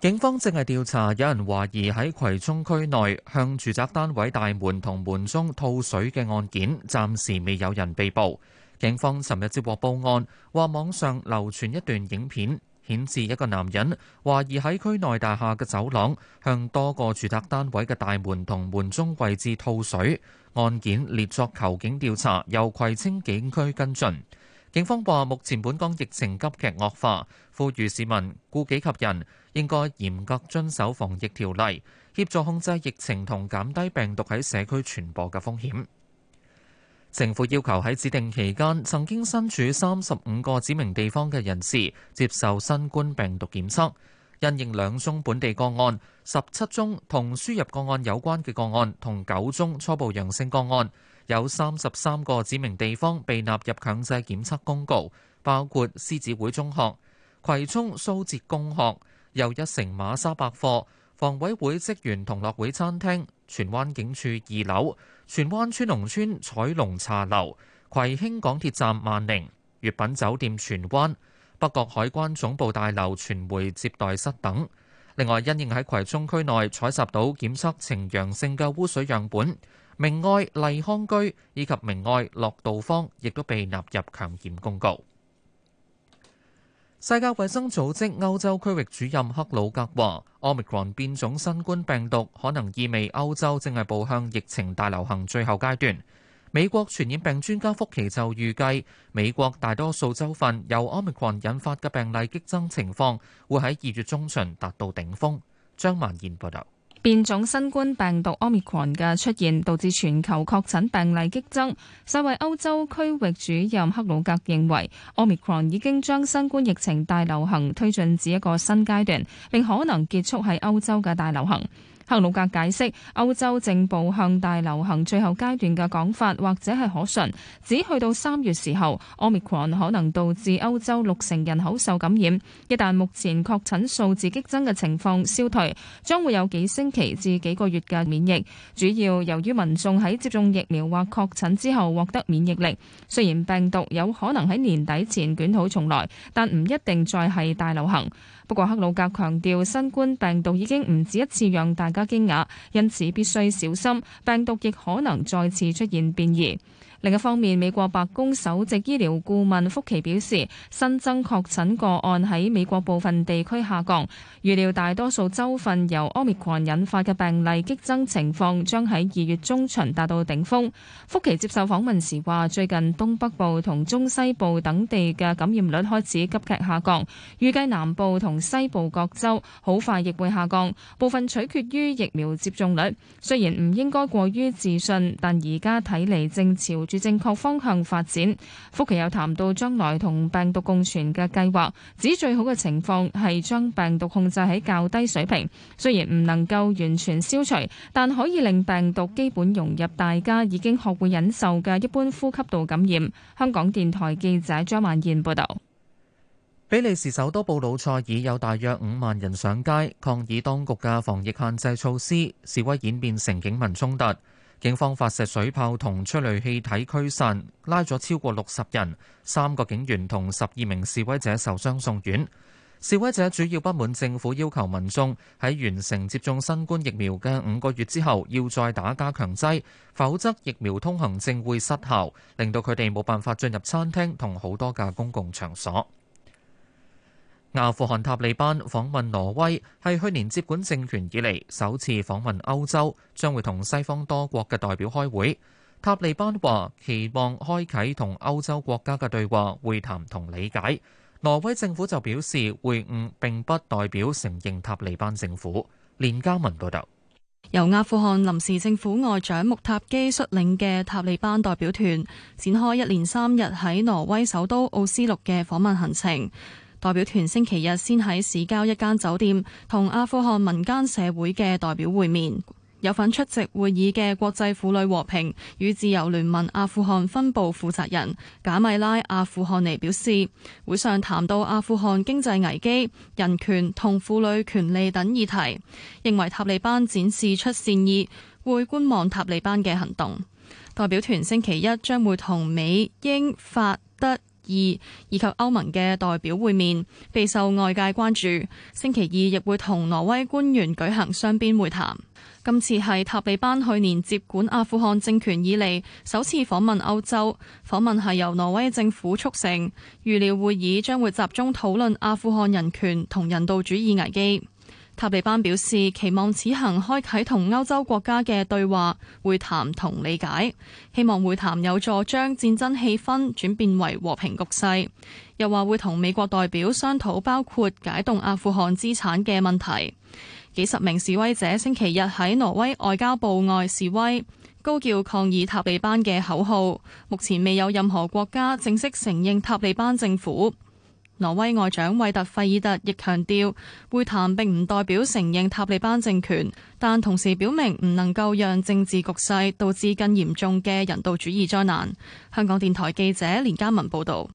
警方正係調查，有人懷疑喺葵涌區內向住宅單位大門同門中吐水嘅案件，暫時未有人被捕。警方尋日接獲報案，話網上流傳一段影片，顯示一個男人懷疑喺區內大廈嘅走廊向多個住宅單位嘅大門同門中位置吐水。案件列作求警調查，由葵青警區跟進。警方話，目前本港疫情急劇惡化，呼籲市民顧己及人。應該嚴格遵守防疫條例，協助控制疫情同減低病毒喺社區傳播嘅風險。政府要求喺指定期間曾經身處三十五個指明地方嘅人士接受新冠病毒檢測，因應兩宗本地個案、十七宗同輸入個案有關嘅個案同九宗初步陽性個案，有三十三個指明地方被納入強制檢測公告，包括獅子會中學、葵涌蘇浙公學。又一城馬莎百貨、房委會職員同樂會餐廳、荃灣警署二樓、荃灣村農村彩龍茶樓、葵興港鐵站萬寧、粵品酒店荃灣、北角海關總部大樓傳媒接待室等。另外，因應喺葵涌區內採集到檢測呈陽性嘅污水樣本，明愛麗康居以及明愛樂道坊亦都被納入強檢公告。世界衛生組織歐洲區域主任克魯格話，奧密克戎變種新冠病毒可能意味歐洲正係步向疫情大流行最後階段。美國傳染病專家福奇就預計，美國大多數州份由奧密克戎引發嘅病例激增情況，會喺二月中旬達到頂峰。張曼燕報道。變種新冠病毒 Omicron 嘅出現，導致全球確診病例激增。世衛歐洲區域主任克魯格認為，Omicron 已經將新冠疫情大流行推進至一個新階段，並可能結束喺歐洲嘅大流行。克魯格解釋歐洲正步向大流行最後階段嘅講法或者係可信，只去到三月時候，Omicron 可能導致歐洲六成人口受感染。一旦目前確診數字激增嘅情況消退，將會有幾星期至幾個月嘅免疫，主要由於民眾喺接種疫苗或確診之後獲得免疫力。雖然病毒有可能喺年底前捲土重來，但唔一定再係大流行。不過，克魯格強調，新冠病毒已經唔止一次讓大家驚訝，因此必須小心，病毒亦可能再次出現變異。另一方面，美國白宮首席醫療顧問福奇表示，新增確診個案喺美國部分地區下降，預料大多數州份由 Omicron 引發嘅病例激增情況將喺二月中旬達到頂峰。福奇接受訪問時話，最近東北部同中西部等地嘅感染率開始急劇下降，預計南部同西部各州好快亦會下降，部分取決於疫苗接種率。雖然唔應該過於自信，但而家睇嚟正朝住正確方向發展。福奇又談到將來同病毒共存嘅計劃，指最好嘅情況係將病毒控制喺較低水平，雖然唔能夠完全消除，但可以令病毒基本融入大家已經學會忍受嘅一般呼吸道感染。香港電台記者張萬燕報道。比利時首都布魯塞爾有大約五萬人上街抗議當局嘅防疫限制措施，示威演變成警民衝突。警方發射水炮同催淚氣體驅散，拉咗超過六十人，三個警員同十二名示威者受傷送院。示威者主要不滿政府要求民眾喺完成接種新冠疫苗嘅五個月之後要再打加強劑，否則疫苗通行證會失效，令到佢哋冇辦法進入餐廳同好多間公共場所。阿富汗塔利班訪問挪威，係去年接管政權以嚟首次訪問歐洲，將會同西方多國嘅代表開會。塔利班話期望開啟同歐洲國家嘅對話、會談同理解。挪威政府就表示，會晤並不代表承認塔利班政府。連家文報道，由阿富汗臨時政府外長穆塔基率領嘅塔利班代表團展開一連三日喺挪威首都奧斯陸嘅訪問行程。代表團星期日先喺市郊一間酒店同阿富汗民間社會嘅代表會面。有份出席會議嘅國際婦女和平與自由聯盟阿富汗分部負責人賈米拉·阿富汗尼表示，會上談到阿富汗經濟危機、人權同婦女權利等議題，認為塔利班展示出善意，會觀望塔利班嘅行動。代表團星期一將會同美、英、法、德、二以及歐盟嘅代表會面，備受外界關注。星期二亦會同挪威官員舉行雙邊會談，今次係塔利班去年接管阿富汗政權以嚟首次訪問歐洲，訪問係由挪威政府促成。預料會議將會集中討論阿富汗人權同人道主義危機。塔利班表示期望此行開啟同歐洲國家嘅對話會談同理解，希望會談有助將戰爭氣氛轉變為和平局勢，又話會同美國代表商討包括解凍阿富汗資產嘅問題。幾十名示威者星期日喺挪威外交部外示威，高叫抗議塔利班嘅口號，目前未有任何國家正式承認塔利班政府。挪威外長韋特費爾特亦強調，會談並唔代表承認塔利班政權，但同時表明唔能夠讓政治局勢導致更嚴重嘅人道主義災難。香港電台記者連嘉文報道，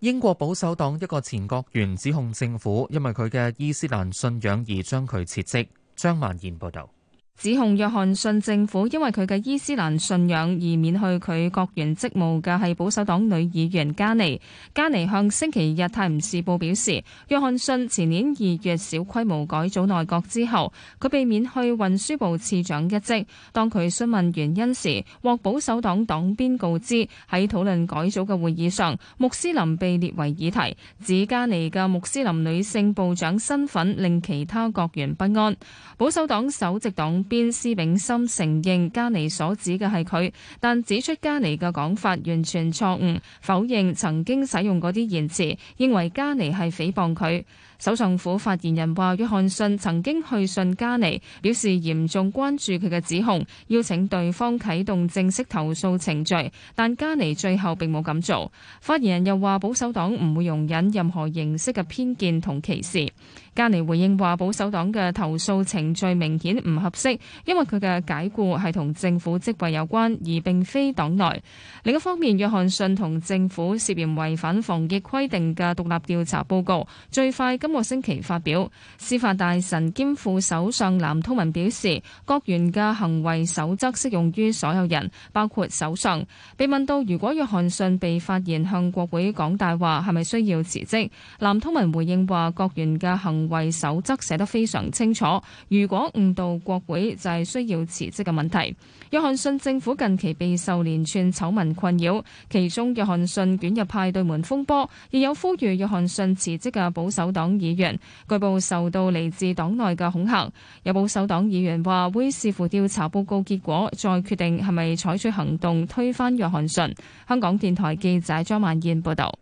英國保守黨一個前國員指控政府因為佢嘅伊斯蘭信仰而將佢撤職。張曼燕報道。指控約翰遜政府因為佢嘅伊斯蘭信仰而免去佢國員職務嘅係保守黨女議員加尼。加尼向星期日泰晤士報表示，約翰遜前年二月小規模改組內閣之後，佢被免去運輸部次長一職。當佢詢問原因時，獲保守黨黨鞭告知喺討論改組嘅會議上，穆斯林被列為議題，指加尼嘅穆斯林女性部長身份令其他國員不安。保守黨首席黨邊施炳森承認加尼所指嘅係佢，但指出加尼嘅講法完全錯誤，否認曾經使用嗰啲言辭，認為加尼係誹謗佢。首相府發言人話：約翰遜曾經去信加尼，表示嚴重關注佢嘅指控，邀請對方啟動正式投訴程序。但加尼最後並冇咁做。發言人又話：保守黨唔會容忍任何形式嘅偏見同歧視。加尼回應話：保守黨嘅投訴程序明顯唔合適，因為佢嘅解雇係同政府職位有關，而並非黨內。另一方面，約翰遜同政府涉嫌違反防疫規定嘅獨立調查報告，最快今個星期發表，司法大臣兼副首相藍韜文表示，國員嘅行為守則適用於所有人，包括首相。被問到如果約翰遜被發現向國會講大話，係咪需要辭職？藍韜文回應話，國員嘅行為守則寫得非常清楚，如果誤導國會就係需要辭職嘅問題。約翰遜政府近期備受連串醜聞困擾，其中約翰遜捲入派對門風波，亦有呼籲約翰遜辭職嘅保守黨議員，據報受到嚟自黨內嘅恐吓。有保守黨議員話會視乎調查報告結果，再決定係咪採取行動推翻約翰遜。香港電台記者張萬燕報道。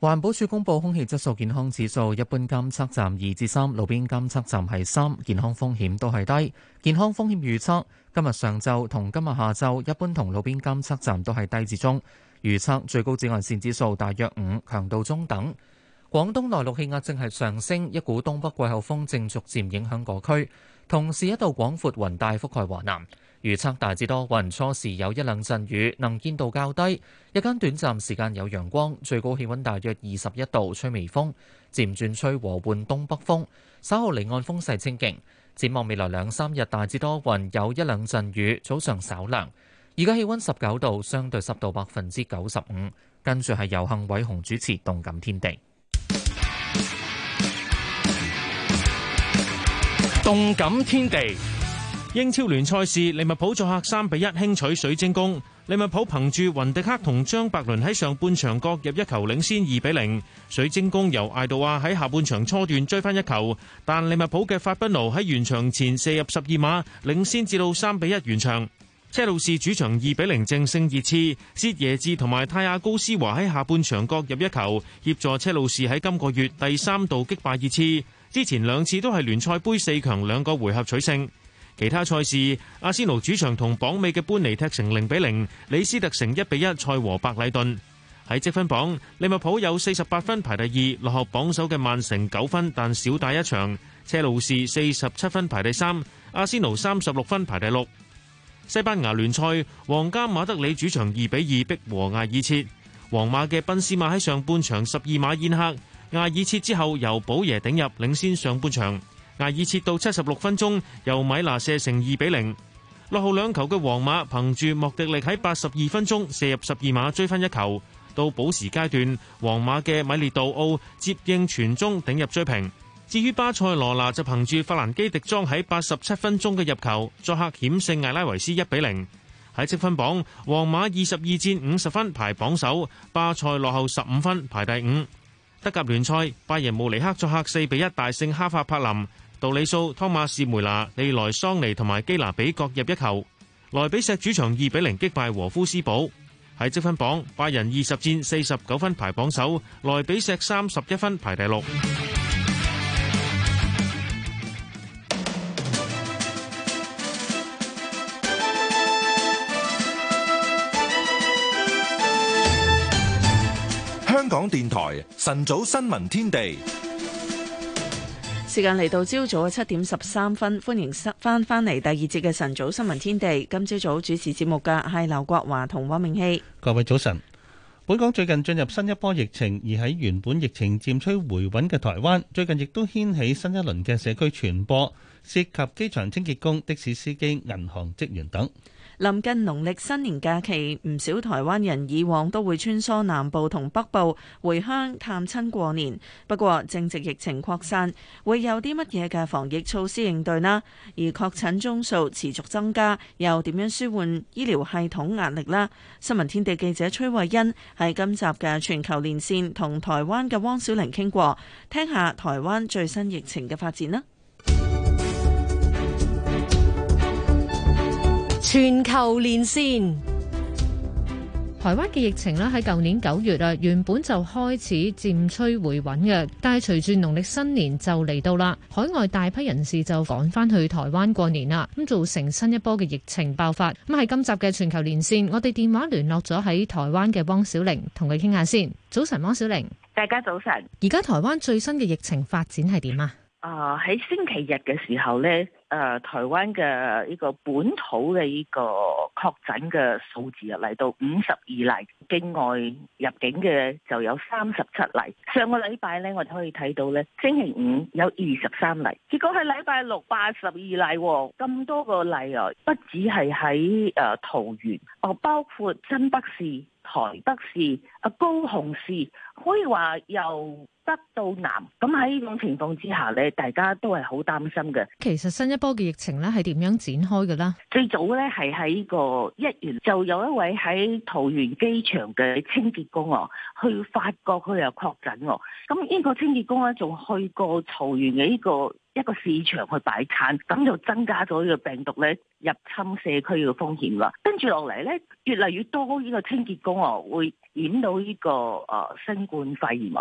環保署公布空氣質素健康指數，一般監測站二至三，路邊監測站係三，健康風險都係低。健康風險預測今日上晝同今日下晝，一般同路邊監測站都係低至中。預測最高紫外線指數大約五，強度中等。廣東內陸氣壓正係上升，一股東北季候風正逐漸影響各區，同時一道廣闊雲帶覆蓋華南。預測大致多雲，初時有一兩陣雨，能見度較低，日間短暫時間有陽光，最高氣溫大約二十一度，吹微風，漸轉吹和緩東北風，稍後離岸風勢清勁。展望未來兩三日大致多雲，有一兩陣雨，早上稍涼。而家氣溫十九度，相對濕度百分之九十五。跟住係由幸偉雄主持《動感天地》，《動感天地》。英超聯賽事，利物浦作客三比一輕取水晶宮。利物浦憑住雲迪克同張伯倫喺上半場各入一球，領先二比零。水晶宮由艾杜亞喺下半場初段追翻一球，但利物浦嘅法賓奴喺完場前射入十二碼，領先至到三比一完場。車路士主場二比零正勝熱刺，薛耶治同埋泰亞高斯華喺下半場各入一球，協助車路士喺今個月第三度擊敗熱刺。之前兩次都係聯賽盃四強兩個回合取勝。其他賽事，阿仙奴主場同榜尾嘅般尼踢成零比零，李斯特城一比一賽和白禮頓。喺積分榜，利物浦有四十八分排第二，落後榜首嘅曼城九分，但少打一場。車路士四十七分排第三，阿仙奴三十六分排第六。西班牙聯賽，皇家馬德里主場二比二逼和艾爾切，皇馬嘅賓斯馬喺上半場十二碼宴客，艾爾切之後由保耶頂入領先上半場。艾爾切到七十六分鐘，由米納射成二比零。落後兩球嘅皇馬，憑住莫迪力喺八十二分鐘射入十二碼追分一球。到補時階段，皇馬嘅米列杜奧接應傳中頂入追平。至於巴塞羅那就憑住法蘭基迪莊喺八十七分鐘嘅入球，作客險勝艾拉維斯一比零。喺積分榜，皇馬二十二戰五十分排榜首，巴塞落後十五分排第五。德甲聯賽，拜仁慕尼黑作客四比一大勝哈法柏林。道理素、湯馬士梅拿、利來桑尼同埋基拿比各入一球。萊比錫主場二比零擊敗和夫斯堡，喺積分榜拜仁二十戰四十九分排榜首，萊比錫三十一分排第六。香港電台晨早新聞天地。時間嚟到朝早嘅七點十三分，歡迎翻翻嚟第二節嘅晨早新聞天地。今朝早主持節目嘅係劉國華同汪明熙。各位早晨。本港最近進入新一波疫情，而喺原本疫情漸趨回穩嘅台灣，最近亦都掀起新一輪嘅社區傳播，涉及機場清潔工、的士司機、銀行職員等。臨近農曆新年假期，唔少台灣人以往都會穿梭南部同北部回鄉探親過年。不過，正值疫情擴散，會有啲乜嘢嘅防疫措施應對呢？而確診宗數持續增加，又點樣舒緩醫療系統壓力呢？新聞天地記者崔慧欣喺今集嘅全球連線同台灣嘅汪小玲傾過，聽下台灣最新疫情嘅發展啦。全球連線，台灣嘅疫情咧，喺舊年九月啊，原本就開始漸趨回穩嘅，但係隨住農曆新年就嚟到啦，海外大批人士就趕翻去台灣過年啦，咁造成新一波嘅疫情爆發。咁喺今集嘅全球連線，我哋電話聯絡咗喺台灣嘅汪小玲，同佢傾下先。早晨，汪小玲。大家早晨。而家台灣最新嘅疫情發展係點啊？啊、呃，喺星期日嘅時候咧。誒、呃，台灣嘅呢個本土嘅呢個確診嘅數字嚟到五十二例，境外入境嘅就有三十七例。上個禮拜咧，我哋可以睇到咧，星期五有二十三例，結果係禮拜六八十二例，哦，咁多個例啊，不止係喺誒桃園，哦，包括新北市、台北市、啊高雄市。可以話由北到南，咁喺呢種情況之下咧，大家都係好擔心嘅。其實新一波嘅疫情咧係點樣展開嘅啦？最早咧係喺個一月，就有一位喺桃園機場嘅清潔工哦、啊，去發覺佢又確診哦。咁呢個清潔工咧，仲、啊、去過桃園嘅呢個一個市場去擺攤，咁就增加咗呢個病毒咧入侵社區嘅風險啦。跟住落嚟咧，越嚟越多呢個清潔工哦、啊、會。染到呢、這個誒、呃、新冠肺炎，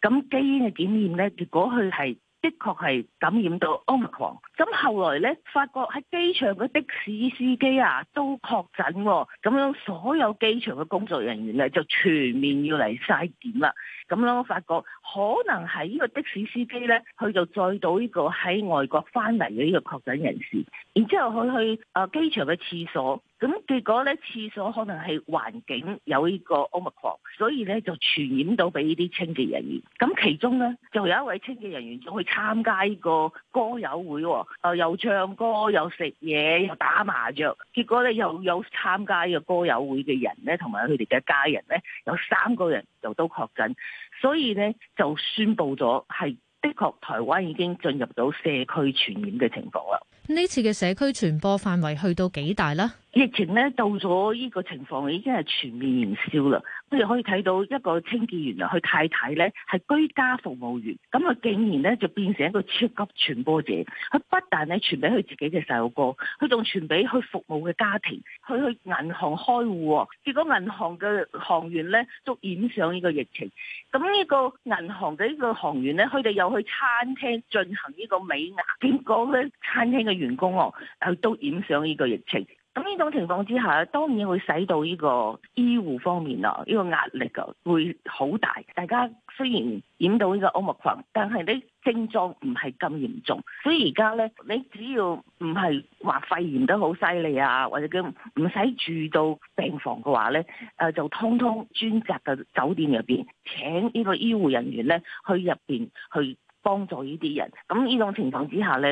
咁基因嘅檢驗咧，結果佢係的確係感染到奧密克，咁、oh、後來咧發覺喺機場嘅的，的士司機啊都確診，咁樣所有機場嘅工作人員咧就全面要嚟篩檢啦。咁樣我發覺可能係呢個的士司機咧，佢就載到呢個喺外國翻嚟嘅呢個確診人士，然之後佢去誒、呃、機場嘅廁所。咁結果咧，廁所可能係環境有呢個奧密克，所以咧就傳染到俾呢啲清潔人員。咁其中咧，就有一位清潔人員仲去參加呢個歌友會，啊又唱歌又食嘢又打麻雀。結果咧又有參加呢個歌友會嘅人咧，同埋佢哋嘅家人咧，有三個人就都確診，所以咧就宣布咗係的確台灣已經進入到社區傳染嘅情況啦。呢次嘅社區傳播範圍去到幾大咧？疫情咧到咗呢個情況，已經係全面燃燒啦。佢哋可以睇到一個清潔員啊，佢太太咧係居家服務員，咁佢竟然咧就變成一個超級傳播者。佢不但咧傳俾佢自己嘅細路哥，佢仲傳俾佢服務嘅家庭。佢去銀行開戶，結果銀行嘅行員咧都染上呢個疫情。咁呢個銀行嘅呢個行員咧，佢哋又去餐廳進行呢個尾牙，結果咧餐廳嘅員工哦、啊，都染上呢個疫情。咁呢種情況之下，當然會使到呢個醫護方面啊，呢、這個壓力啊，會好大。大家雖然染到呢個奧密克戎，但係啲症狀唔係咁嚴重，所以而家呢，你只要唔係話肺炎得好犀利啊，或者叫唔使住到病房嘅話呢，誒、呃、就通通專責嘅酒店入邊請呢個醫護人員呢去入邊去。幫助呢啲人，咁呢種情況之下呢，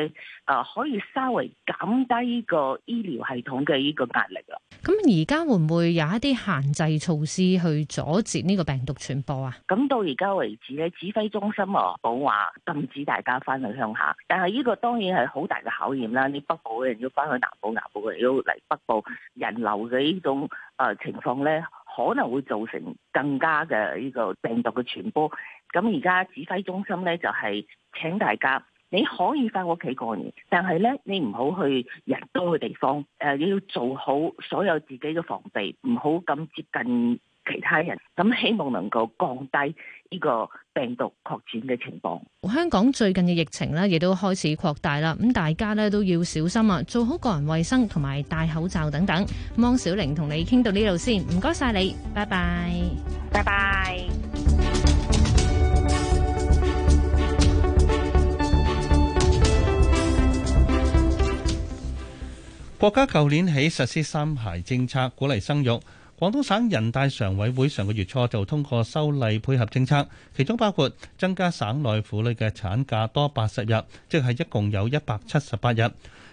誒可以稍微減低個醫療系統嘅呢個壓力啊。咁而家會唔會有一啲限制措施去阻截呢個病毒傳播啊？咁到而家為止呢，指揮中心冇話禁止大家翻去鄉下，但係呢個當然係好大嘅考驗啦。你北部嘅人要翻去南部，南部嘅要嚟北部，人流嘅呢種誒情況呢，可能會造成更加嘅呢個病毒嘅傳播。咁而家指揮中心咧就係請大家，你可以翻屋企過年，但係咧你唔好去人多嘅地方。誒、呃，你要做好所有自己嘅防備，唔好咁接近其他人。咁、嗯、希望能夠降低呢個病毒擴展嘅情況。香港最近嘅疫情咧亦都開始擴大啦，咁大家咧都要小心啊，做好個人衛生同埋戴口罩等等。汪小玲同你傾到呢度先，唔該晒，你，拜拜，拜拜。國家舊年起實施三孩政策，鼓勵生育。廣東省人大常委會上個月初就通過修例配合政策，其中包括增加省內婦女嘅產假多八十日，即係一共有一百七十八日。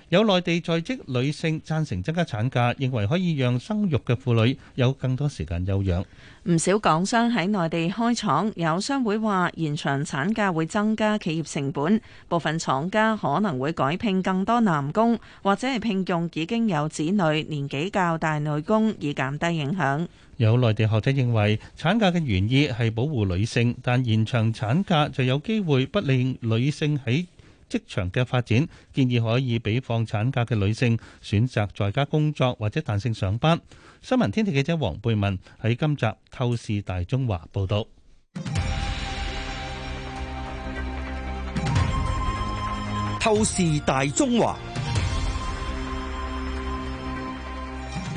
有內地在職女性贊成增加產假，認為可以讓生育嘅婦女有更多時間休養。唔少港商喺內地開廠，有商會話延長產假會增加企業成本，部分廠家可能會改聘更多男工，或者係聘用已經有子女、年紀較大女工，以減低影響。有內地學者認為，產假嘅原意係保護女性，但延長產假就有機會不令女性喺職場嘅發展，建議可以俾放產假嘅女性選擇在家工作或者彈性上班。新聞天地記者黃貝文喺今集《透視大中華》報道。《透視大中華》，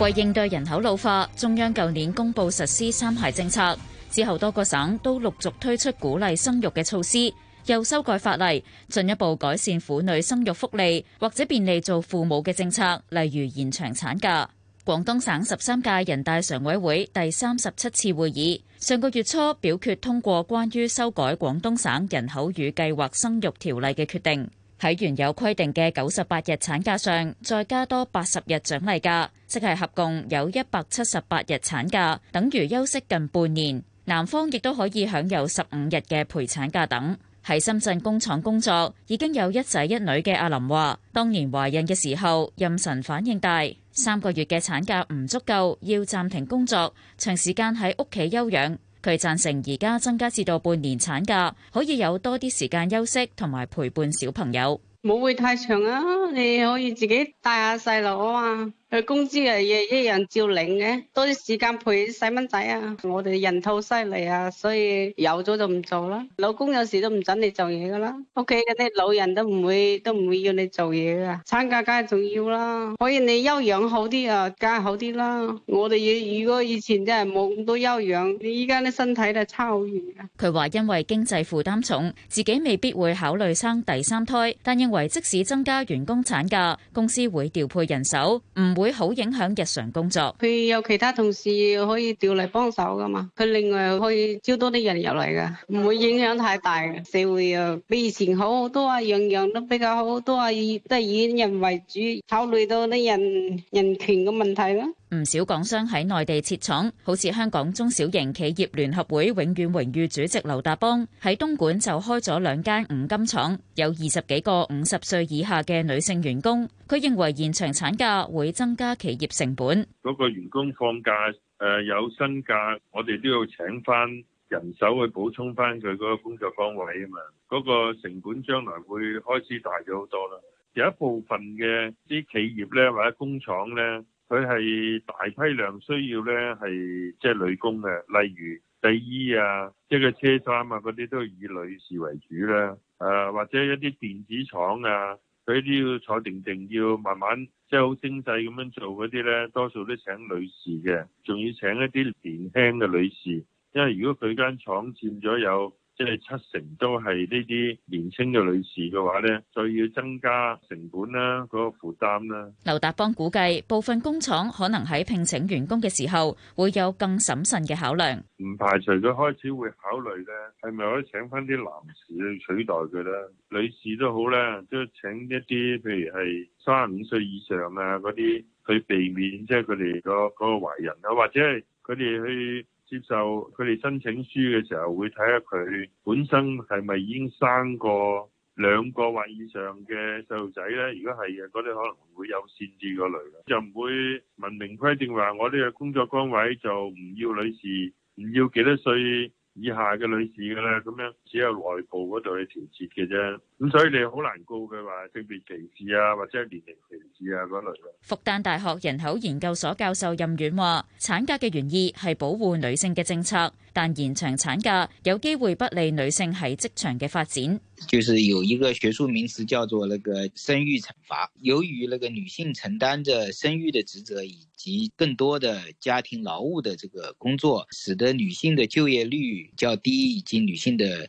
為應對人口老化，中央舊年公布實施三孩政策之後，多個省都陸續推出鼓勵生育嘅措施。又修改法例，進一步改善婦女生育福利或者便利做父母嘅政策，例如延長產假。廣東省十三屆人大常委會第三十七次會議上個月初表決通過關於修改《廣東省人口與計劃生育條例》嘅決定，喺原有規定嘅九十八日產假上再加多八十日獎勵假，即係合共有一百七十八日產假，等於休息近半年。男方亦都可以享有十五日嘅陪產假等。喺深圳工廠工作，已經有一仔一女嘅阿林話，當年懷孕嘅時候，妊娠反應大，三個月嘅產假唔足夠，要暫停工作，長時間喺屋企休養。佢讚成而家增加至到半年產假，可以有多啲時間休息同埋陪伴小朋友。冇會太長啊，你可以自己帶下細路啊嘛。佢工資啊，亦一樣照領嘅。多啲時間陪細蚊仔啊！我哋人套犀利啊，所以有咗就唔做啦。老公有時都唔准你做嘢噶啦。屋企嗰啲老人都唔會都唔會要你做嘢噶。產假梗係重要啦，可以你休養好啲啊，梗係好啲啦。我哋嘢如果以前真係冇咁多休養，你依家啲身體都差好遠噶。佢話因為經濟負擔重，自己未必會考慮生第三胎，但認為即使增加員工產假，公司會調配人手，唔會。會好影響日常工作。佢有其他同事可以調嚟幫手噶嘛？佢另外可以招多啲人入嚟噶，唔會影響太大嘅。社會啊，比以前好好多啊，樣樣都比較好好多啊，以都係以人為主，考慮到啲人人權嘅問題咯、啊。唔少港商喺內地設廠，好似香港中小型企業聯合會永遠榮譽主席劉達邦喺東莞就開咗兩間五金廠，有二十幾個五十歲以下嘅女性員工。佢認為延長產假會增加企業成本。嗰個員工放假，誒、有薪假，我哋都要請翻人手去補充翻佢嗰個工作崗位啊嘛。嗰個成本將來會開支大咗好多啦。有一部分嘅啲企業咧或者工廠咧。佢係大批量需要咧，係即係女工嘅，例如製衣啊，即係個車衫啊，嗰啲都係以女士為主啦。誒、啊，或者一啲電子廠啊，佢啲要坐定定，要慢慢即係好精細咁樣做嗰啲咧，多數都請女士嘅，仲要請一啲年輕嘅女士，因為如果佢間廠佔咗有。即係七成都係呢啲年輕嘅女士嘅話咧，就要增加成本啦，嗰個負擔啦。劉達邦估計，部分工廠可能喺聘請員工嘅時候會有更審慎嘅考量。唔排除佢開始會考慮咧，係咪可以請返啲男士去取代佢啦？女士都好啦，即係請一啲譬如係三十五歲以上啊嗰啲去避免，即係佢哋個個懷孕啊，或者係佢哋去。接受佢哋申請書嘅時候，會睇下佢本身係咪已經生過兩個或以上嘅細路仔咧？如果係嘅，嗰啲可能會有限制嗰類嘅，就唔會明文規定話我哋嘅工作崗位就唔要女士，唔要幾多歲以下嘅女士嘅啦咁樣。只有內部嗰度去調節嘅啫，咁所以你好難告佢話，性別歧視啊，或者年齡歧視啊嗰類嘅。復旦大學人口研究所教授任遠話產假嘅原意係保護女性嘅政策，但延長產假有機會不利女性喺職場嘅發展。就是有一個學術名詞叫做那個生育懲罰，由於那個女性承擔着生育嘅職責以及更多的家庭勞務的這個工作，使得女性嘅就業率較低，以及女性嘅。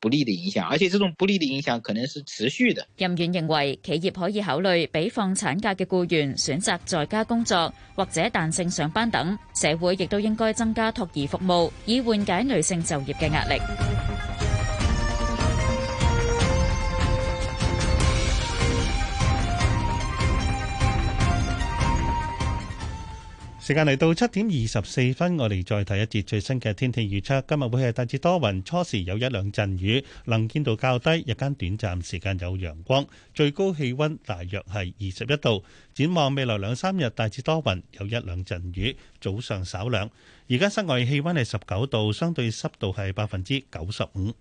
不利的影響，而且這種不利的影響可能是持續的。任遠認為，企業可以考慮俾放產假嘅雇員選擇在家工作或者彈性上班等，社會亦都應該增加托兒服務，以緩解女性就業嘅壓力。時間嚟到七點二十四分，我哋再睇一節最新嘅天氣預測。今日會係大致多雲，初時有一兩陣雨，能見度較低，日間短暫時間有陽光，最高氣溫大約係二十一度。展望未來兩三日，大致多雲，有一兩陣雨，早上稍涼。而家室外氣溫係十九度，相對濕度係百分之九十五。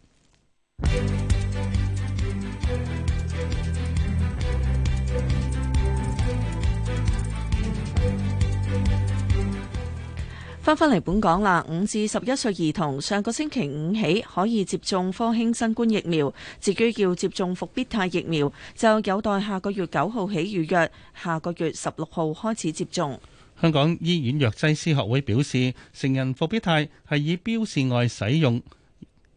翻返嚟本港啦，五至十一歲兒童上個星期五起可以接種科興新冠疫苗，至於要接種復必泰疫苗，就有待下個月九號起預約，下個月十六號開始接種。香港醫院藥劑師學會表示，成人復必泰係以標示外使用，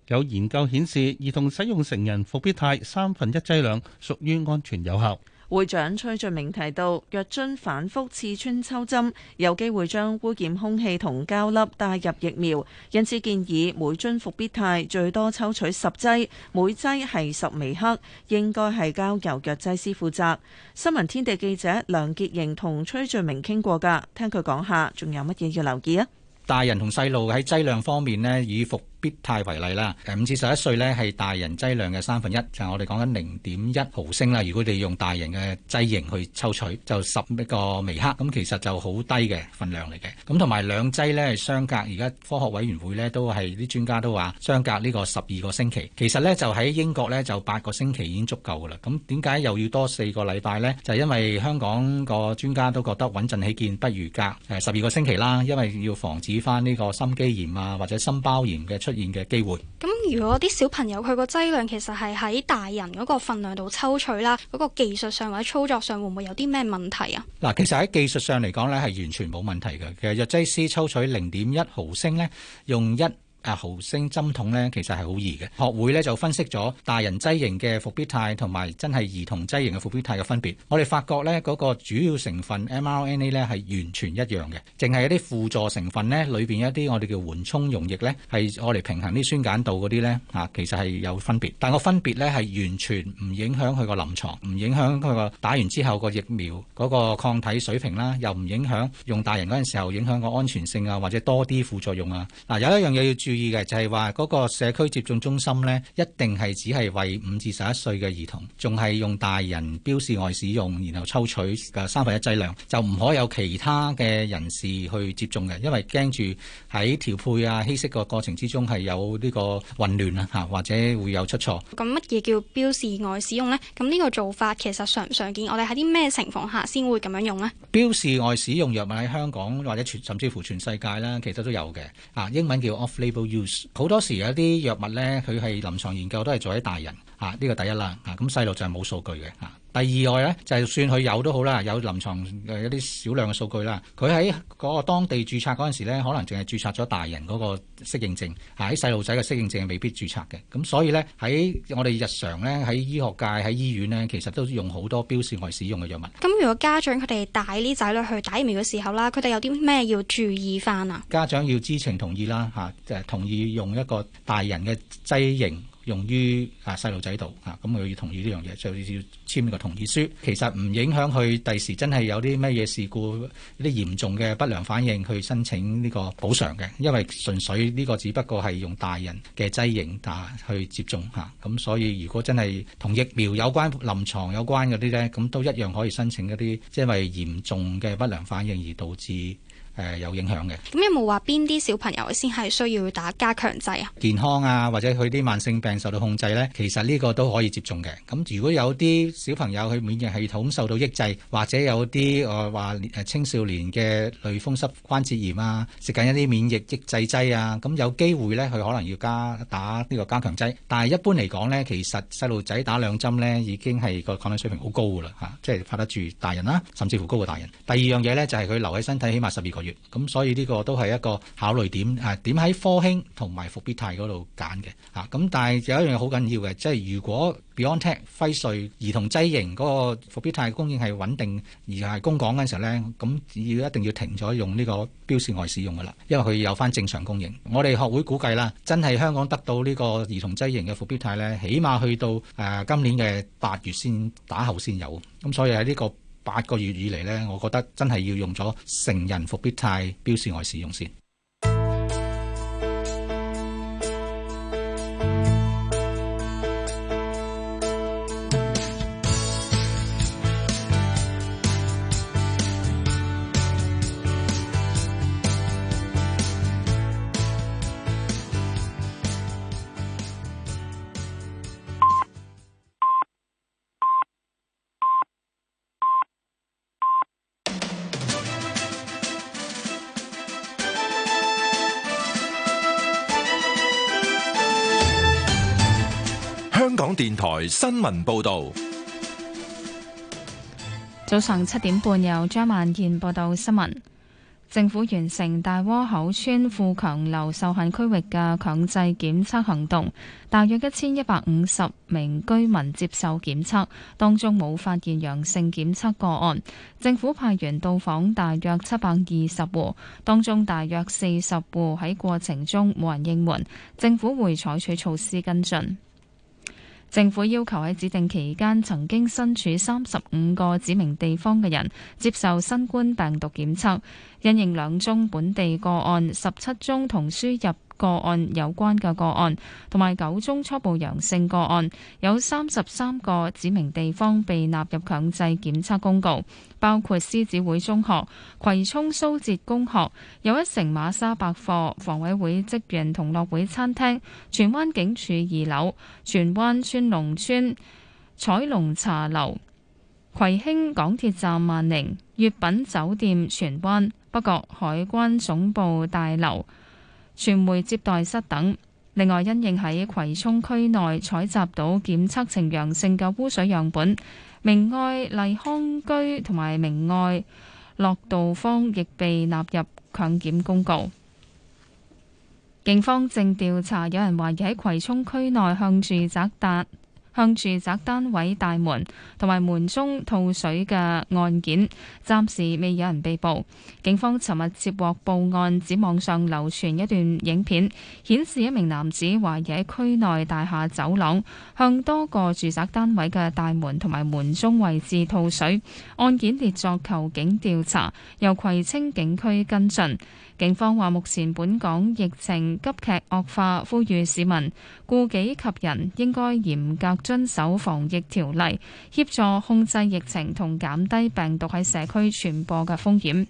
有研究顯示兒童使用成人復必泰三分一劑量屬於安全有效。會長崔俊明提到，藥樽反覆刺穿抽針，有機會將污染空氣同膠粒帶入疫苗，因此建議每樽復必泰最多抽取十劑，每劑係十微克，應該係交由藥劑師負責。新聞天地記者梁潔瑩同崔俊明傾過噶，聽佢講下，仲有乜嘢要留意啊？大人同細路喺劑量方面呢，以復。必太為例啦，誒五至十一歲呢，係大人劑量嘅三分一，就我哋講緊零點一毫升啦。如果你用大人嘅劑型去抽取，就十一個微克，咁其實就好低嘅份量嚟嘅。咁同埋兩劑呢，係相隔，而家科學委員會呢，都係啲專家都話相隔呢個十二個星期。其實呢，就喺英國呢，就八個星期已經足夠噶啦。咁點解又要多四個禮拜呢？就係因為香港個專家都覺得穩陣起見，不如隔誒十二個星期啦，因為要防止翻呢個心肌炎啊或者心包炎嘅出現嘅機會。咁如果啲小朋友佢個劑量其實係喺大人嗰個份量度抽取啦，嗰個技術上或者操作上會唔會有啲咩問題啊？嗱，其實喺技術上嚟講咧，係完全冇問題嘅。其實藥劑師抽取零點一毫升咧，用一。啊毫升針筒呢，其實係好易嘅。學會呢就分析咗大人劑型嘅復必泰同埋真係兒童劑型嘅復必泰嘅分別。我哋發覺呢嗰個主要成分 mRNA 呢，係完全一樣嘅，淨係一啲輔助成分呢，裏邊一啲我哋叫緩衝溶液呢，係我嚟平衡啲酸鹼度嗰啲呢。嚇、啊，其實係有分別。但個分別呢，係完全唔影響佢個臨床，唔影響佢個打完之後個疫苗嗰個抗體水平啦，又唔影響用大人嗰陣時候影響個安全性啊，或者多啲副作用啊。嗱，有一樣嘢要注注意嘅就係話嗰個社區接種中心呢，一定係只係為五至十一歲嘅兒童，仲係用大人標示外使用，然後抽取嘅三分一劑量，就唔可以有其他嘅人士去接種嘅，因為驚住喺調配啊、稀釋個過程之中係有呢個混亂啊，嚇或者會有出錯。咁乜嘢叫標示外使用呢？咁呢個做法其實常唔常見，我哋喺啲咩情況下先會咁樣用呢？標示外使用藥物喺香港，或者全甚至乎全世界啦，其實都有嘅。啊，英文叫 off label。好多時有啲藥物咧，佢係臨床研究都係做喺大人吓，呢個第一啦吓，咁細路就係冇數據嘅吓。啊第二外咧，就係算佢有都好啦，有臨床嘅一啲少量嘅數據啦。佢喺嗰個當地註冊嗰陣時咧，可能淨係註冊咗大人嗰個適應症，嚇，喺細路仔嘅適應症未必註冊嘅。咁所以咧，喺我哋日常咧，喺醫學界、喺醫院咧，其實都用好多標示外使用嘅藥物。咁如果家長佢哋帶啲仔女去打疫苗嘅時候啦，佢哋有啲咩要注意翻啊？家長要知情同意啦，嚇，就係同意用一個大人嘅劑型。用於啊細路仔度啊，咁佢、啊、要同意呢樣嘢，就要簽呢個同意書。其實唔影響佢第時真係有啲乜嘢事故、啲嚴重嘅不良反應去申請呢個補償嘅，因為純粹呢個只不過係用大人嘅劑型打去接種吓。咁、啊、所以如果真係同疫苗有關、臨床有關嗰啲呢，咁都一樣可以申請一啲，即係因為嚴重嘅不良反應而導致。誒有影響嘅，咁有冇話邊啲小朋友先係需要打加強劑啊？健康啊，或者佢啲慢性病受到控制呢？其實呢個都可以接種嘅。咁如果有啲小朋友佢免疫系統受到抑制，或者有啲誒話誒青少年嘅類風濕關節炎啊，食緊一啲免疫抑制劑啊，咁有機會呢，佢可能要加打呢個加強劑。但係一般嚟講呢，其實細路仔打兩針呢已經係個抗體水平好高噶啦，嚇、啊，即係拍得住大人啦、啊，甚至乎高過大人。第二樣嘢呢，就係、是、佢留喺身體起碼十二個。咁、嗯、所以呢個都係一個考慮點，係點喺科興同埋復必泰嗰度揀嘅嚇。咁、啊、但係有一樣嘢好緊要嘅，即係如果 Beyond Tech 輝瑞兒童劑型嗰個復必泰供應係穩定而係供港嘅時候咧，咁要一定要停咗用呢個標示外使用嘅啦，因為佢有翻正常供應。我哋學會估計啦，真係香港得到呢個兒童劑型嘅復必泰咧，起碼去到誒、啊、今年嘅八月先打後先有。咁、嗯、所以喺呢、這個。八個月以嚟咧，我覺得真係要用咗成人復必泰標示外使用先。台新聞報導，早上七點半有張萬健報道新聞。政府完成大窩口村富強樓受限區域嘅強制檢測行動，大約一千一百五十名居民接受檢測，當中冇發現陽性檢測個案。政府派員到訪大約七百二十戶，當中大約四十戶喺過程中冇人應門，政府會採取措施跟進。政府要求喺指定期間曾經身處三十五個指明地方嘅人接受新冠病毒檢測，因應兩宗本地個案，十七宗同輸入個案有關嘅個案同埋九宗初步陽性個案，有三十三個指明地方被納入強制檢測公告，包括獅子會中學、葵涌蘇浙公學、又一城馬莎百貨、房委會職員同樂會餐廳、荃灣警署二樓、荃灣川龍村彩龍茶樓、葵興港鐵站萬寧、悅品酒店荃灣、北角海關總部大樓。傳媒接待室等，另外因應喺葵涌區內採集到檢測呈陽性嘅污水樣本，明愛麗康居同埋明愛樂道坊亦被納入強檢公告。警方正調查，有人懷疑喺葵涌區內向住宅達。向住宅單位大門同埋門中吐水嘅案件，暫時未有人被捕。警方尋日接獲報案，指網上流傳一段影片，顯示一名男子懷疑喺區內大廈走廊，向多個住宅單位嘅大門同埋門中位置吐水。案件列作求警調查，由葵青警區跟進。警方話：目前本港疫情急劇惡化，呼籲市民顧己及人，應該嚴格遵守防疫條例，協助控制疫情同減低病毒喺社區傳播嘅風險。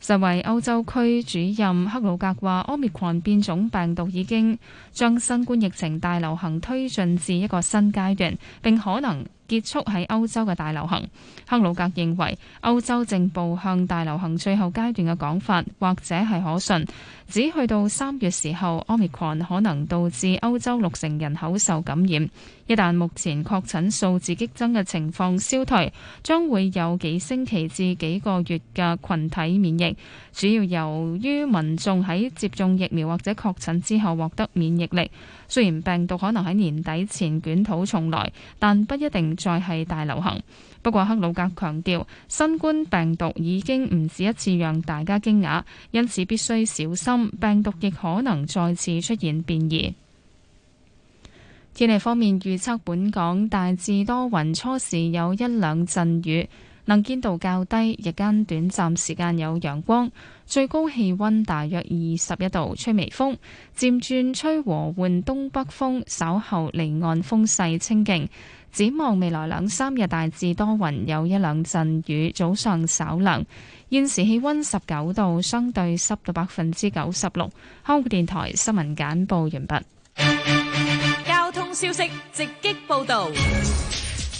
世衛歐洲區主任克魯格話：奧密克戎變種病毒已經將新冠疫情大流行推進至一個新階段，並可能結束喺歐洲嘅大流行，克魯格認為歐洲正步向大流行最後階段嘅講法，或者係可信。只去到三月時候，Omicron 可能導致歐洲六成人口受感染。一旦目前確診數字激增嘅情況消退，將會有幾星期至幾個月嘅群體免疫，主要由於民眾喺接種疫苗或者確診之後獲得免疫力。雖然病毒可能喺年底前捲土重來，但不一定再係大流行。不過，克魯格強調，新冠病毒已經唔止一次讓大家驚訝，因此必須小心。病毒亦可能再次出現變異。天氣方面預測，本港大致多雲，初時有一兩陣雨。能見度較低，日間短暫時間有陽光，最高氣溫大約二十一度，吹微風，漸轉吹和緩東北風，稍後離岸風勢清勁。展望未來兩三日大致多雲，有一兩陣雨，早上稍涼。現時氣溫十九度，相對濕度百分之九十六。香港電台新聞簡報完畢。交通消息直擊報道。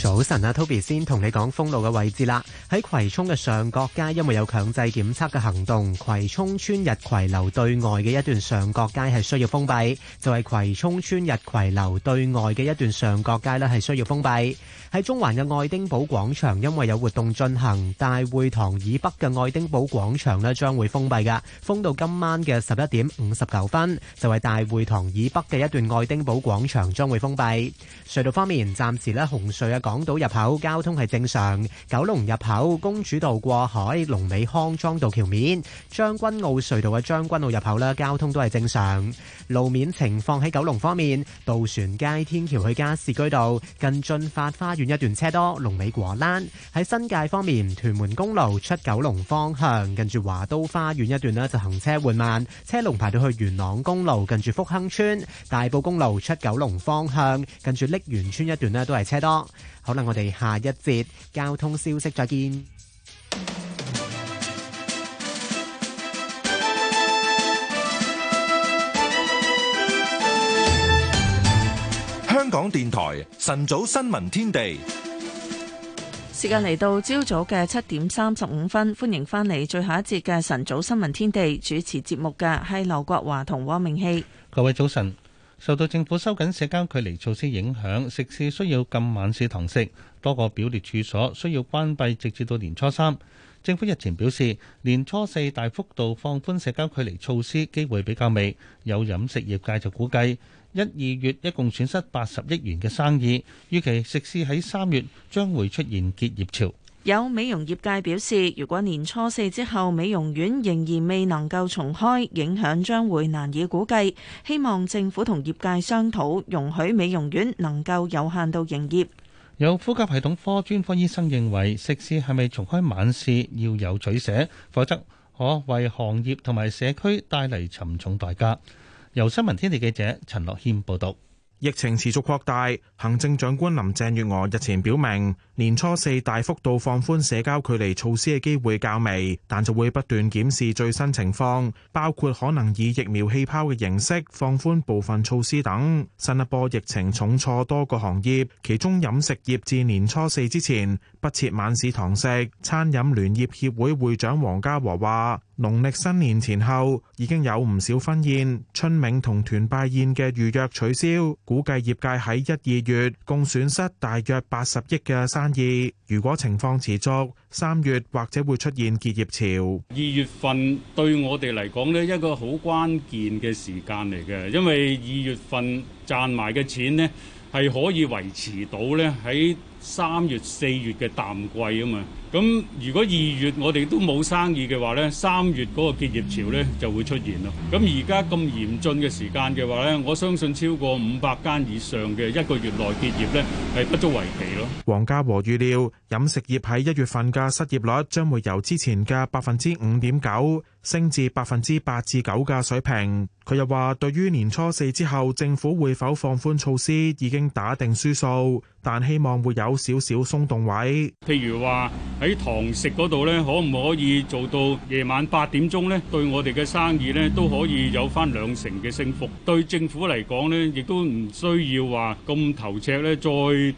早晨啊，Toby 先同你講封路嘅位置啦。喺葵涌嘅上角街，因為有強制檢測嘅行動，葵涌邨日葵樓對外嘅一段上角街係需要封閉，就係、是、葵涌邨日葵樓對外嘅一段上角街咧係需要封閉。喺中環嘅愛丁堡廣場，因為有活動進行，大會堂以北嘅愛丁堡廣場咧將會封閉嘅，封到今晚嘅十一點五十九分，就係大會堂以北嘅一段愛丁堡廣場將會封閉。隧道方面，暫時咧紅隧嘅港島入口交通係正常，九龍入口公主道過海、龍尾康莊道橋面、將軍澳隧道嘅將軍澳入口咧交通都係正常。路面情況喺九龍方面，渡船街天橋去加士居道近進發花。遠一段車多，龍尾果欄。喺新界方面，屯門公路出九龍方向，近住華都花園一段呢就行車緩慢，車龍排到去元朗公路，近住福亨村，大埔公路出九龍方向，近住瀝源村一段呢都係車多。好啦，我哋下一節交通消息再見。香港電台晨早新聞天地，時間嚟到朝早嘅七點三十五分，歡迎翻嚟最後一節嘅晨早新聞天地，主持節目嘅係劉國華同汪明熙。各位早晨，受到政府收緊社交距離措施影響，食肆需要禁晚市堂食，多個表列處所需要關閉直至到年初三。政府日前表示，年初四大幅度放寬社交距離措施機會比較微，有飲食業界就估計。一、二月一共損失八十億元嘅生意，預期食肆喺三月將會出現結業潮。有美容業界表示，如果年初四之後美容院仍然未能夠重開，影響將會難以估計。希望政府同業界商討，容許美容院能夠有限度營業。有呼吸系統科專科醫生認為，食肆係咪重開晚市，要有取捨，否則可為行業同埋社區帶嚟沉重代價。由新聞天地記者陳樂謙報道，疫情持續擴大，行政長官林鄭月娥日前表明。年初四大幅度放寬社交距離措施嘅機會較微，但就會不斷檢視最新情況，包括可能以疫苗氣泡嘅形式放寬部分措施等。新一波疫情重挫多個行業，其中飲食業至年初四之前不設晚市堂食。餐飲聯業協會會長黃家和話農曆新年前後已經有唔少婚宴、春茗同團拜宴嘅預約取消，估計業界喺一二月共損失大約八十億嘅生，二，如果情況持續，三月或者會出現結業潮。二月份對我哋嚟講呢，一個好關鍵嘅時間嚟嘅，因為二月份賺埋嘅錢呢，係可以維持到呢喺三月、四月嘅淡季啊嘛。咁如果二月我哋都冇生意嘅話咧，三月嗰個結業潮咧就會出現咯。咁而家咁嚴峻嘅時間嘅話咧，我相信超過五百間以上嘅一個月內結業咧係不足為奇咯。黃家和預料，飲食業喺一月份嘅失業率將會由之前嘅百分之五點九，升至百分之八至九嘅水平。佢又話對於年初四之後政府會否放寬措施，已經打定輸數，但希望會有少少鬆動位。譬如話喺堂食嗰度咧，可唔可以做到夜晚八點鐘咧？對我哋嘅生意咧，都可以有翻兩成嘅升幅。對政府嚟講咧，亦都唔需要話咁頭赤咧，再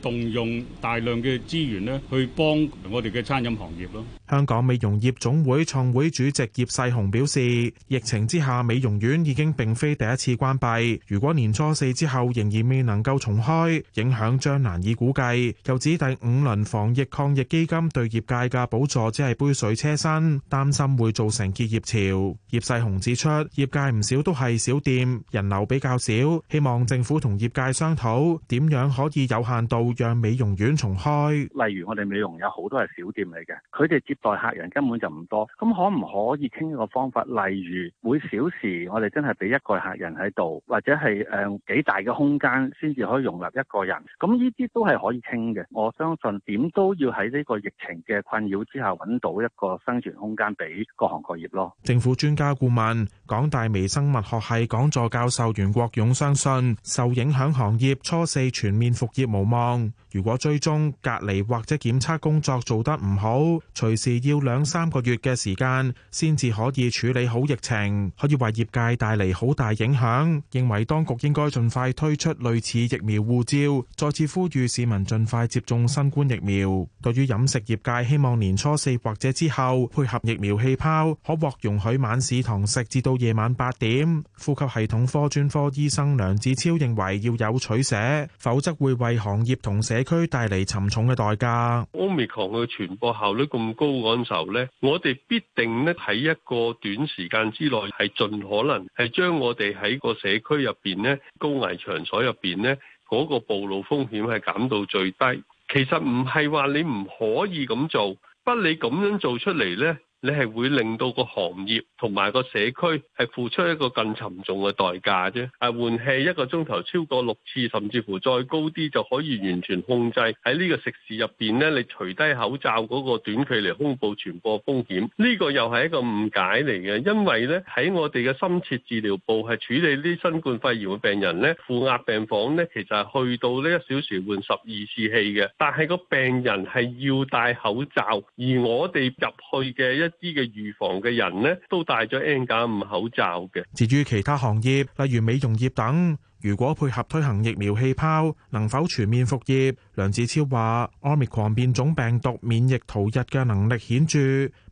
動用大量嘅資源咧，去幫我哋嘅餐飲行業咯。香港美容業總會創會主席葉世雄表示，疫情之下美容院已經並非第一次關閉。如果年初四之後仍然未能夠重開，影響將難以估計。又指第五輪防疫抗疫基金對業界嘅補助只係杯水車薪，擔心會造成結業潮。葉世雄指出，業界唔少都係小店，人流比較少，希望政府同業界商討點樣可以有限度讓美容院重開。例如我哋美容有好多係小店嚟嘅，佢哋接待客人根本就唔多，咁可唔可以傾一個方法？例如每小時我哋真係俾一個客人喺度，或者係誒幾大嘅空間先至可以容納一個人。咁呢啲都係可以傾嘅。我相信點都要喺呢個疫情嘅困擾之下揾到一個生存空間俾各行各業咯。政府專家顧問，港大微生物學系講座教授袁國勇相信，受影響行業初四全面復業無望。如果追蹤隔離或者檢測工作做得唔好，隨時。要兩三個月嘅時間先至可以處理好疫情，可以為業界帶嚟好大影響。認為當局應該盡快推出類似疫苗護照，再次呼籲市民盡快接種新冠疫苗。對於飲食業界，希望年初四或者之後配合疫苗氣泡，可獲容許晚市堂食至到夜晚八點。呼吸系統科專科醫生梁志超認為要有取捨，否則會為行業同社區帶嚟沉重嘅代價。Omicron 嘅傳播效率咁高，感受咧，我哋必定咧喺一個短時間之內，係盡可能係將我哋喺個社區入邊咧、高危場所入邊咧，嗰個暴露風險係減到最低。其實唔係話你唔可以咁做，不你咁樣做出嚟咧。你係會令到個行業同埋個社區係付出一個更沉重嘅代價啫。啊，換氣一個鐘頭超過六次，甚至乎再高啲就可以完全控制喺呢個食肆入邊呢，你除低口罩嗰個短距離空佈傳播風險，呢、這個又係一個誤解嚟嘅。因為呢喺我哋嘅深切治療部係處理啲新冠肺炎嘅病人呢，負壓病房呢，其實係去到呢一小時換十二次氣嘅，但係個病人係要戴口罩，而我哋入去嘅一啲嘅預防嘅人呢，都戴咗 N95 口罩嘅。至於其他行業，例如美容業等。如果配合推行疫苗氣泡，能否全面復業？梁志超話話：Omicron 變種病毒免疫逃逸嘅能力顯著，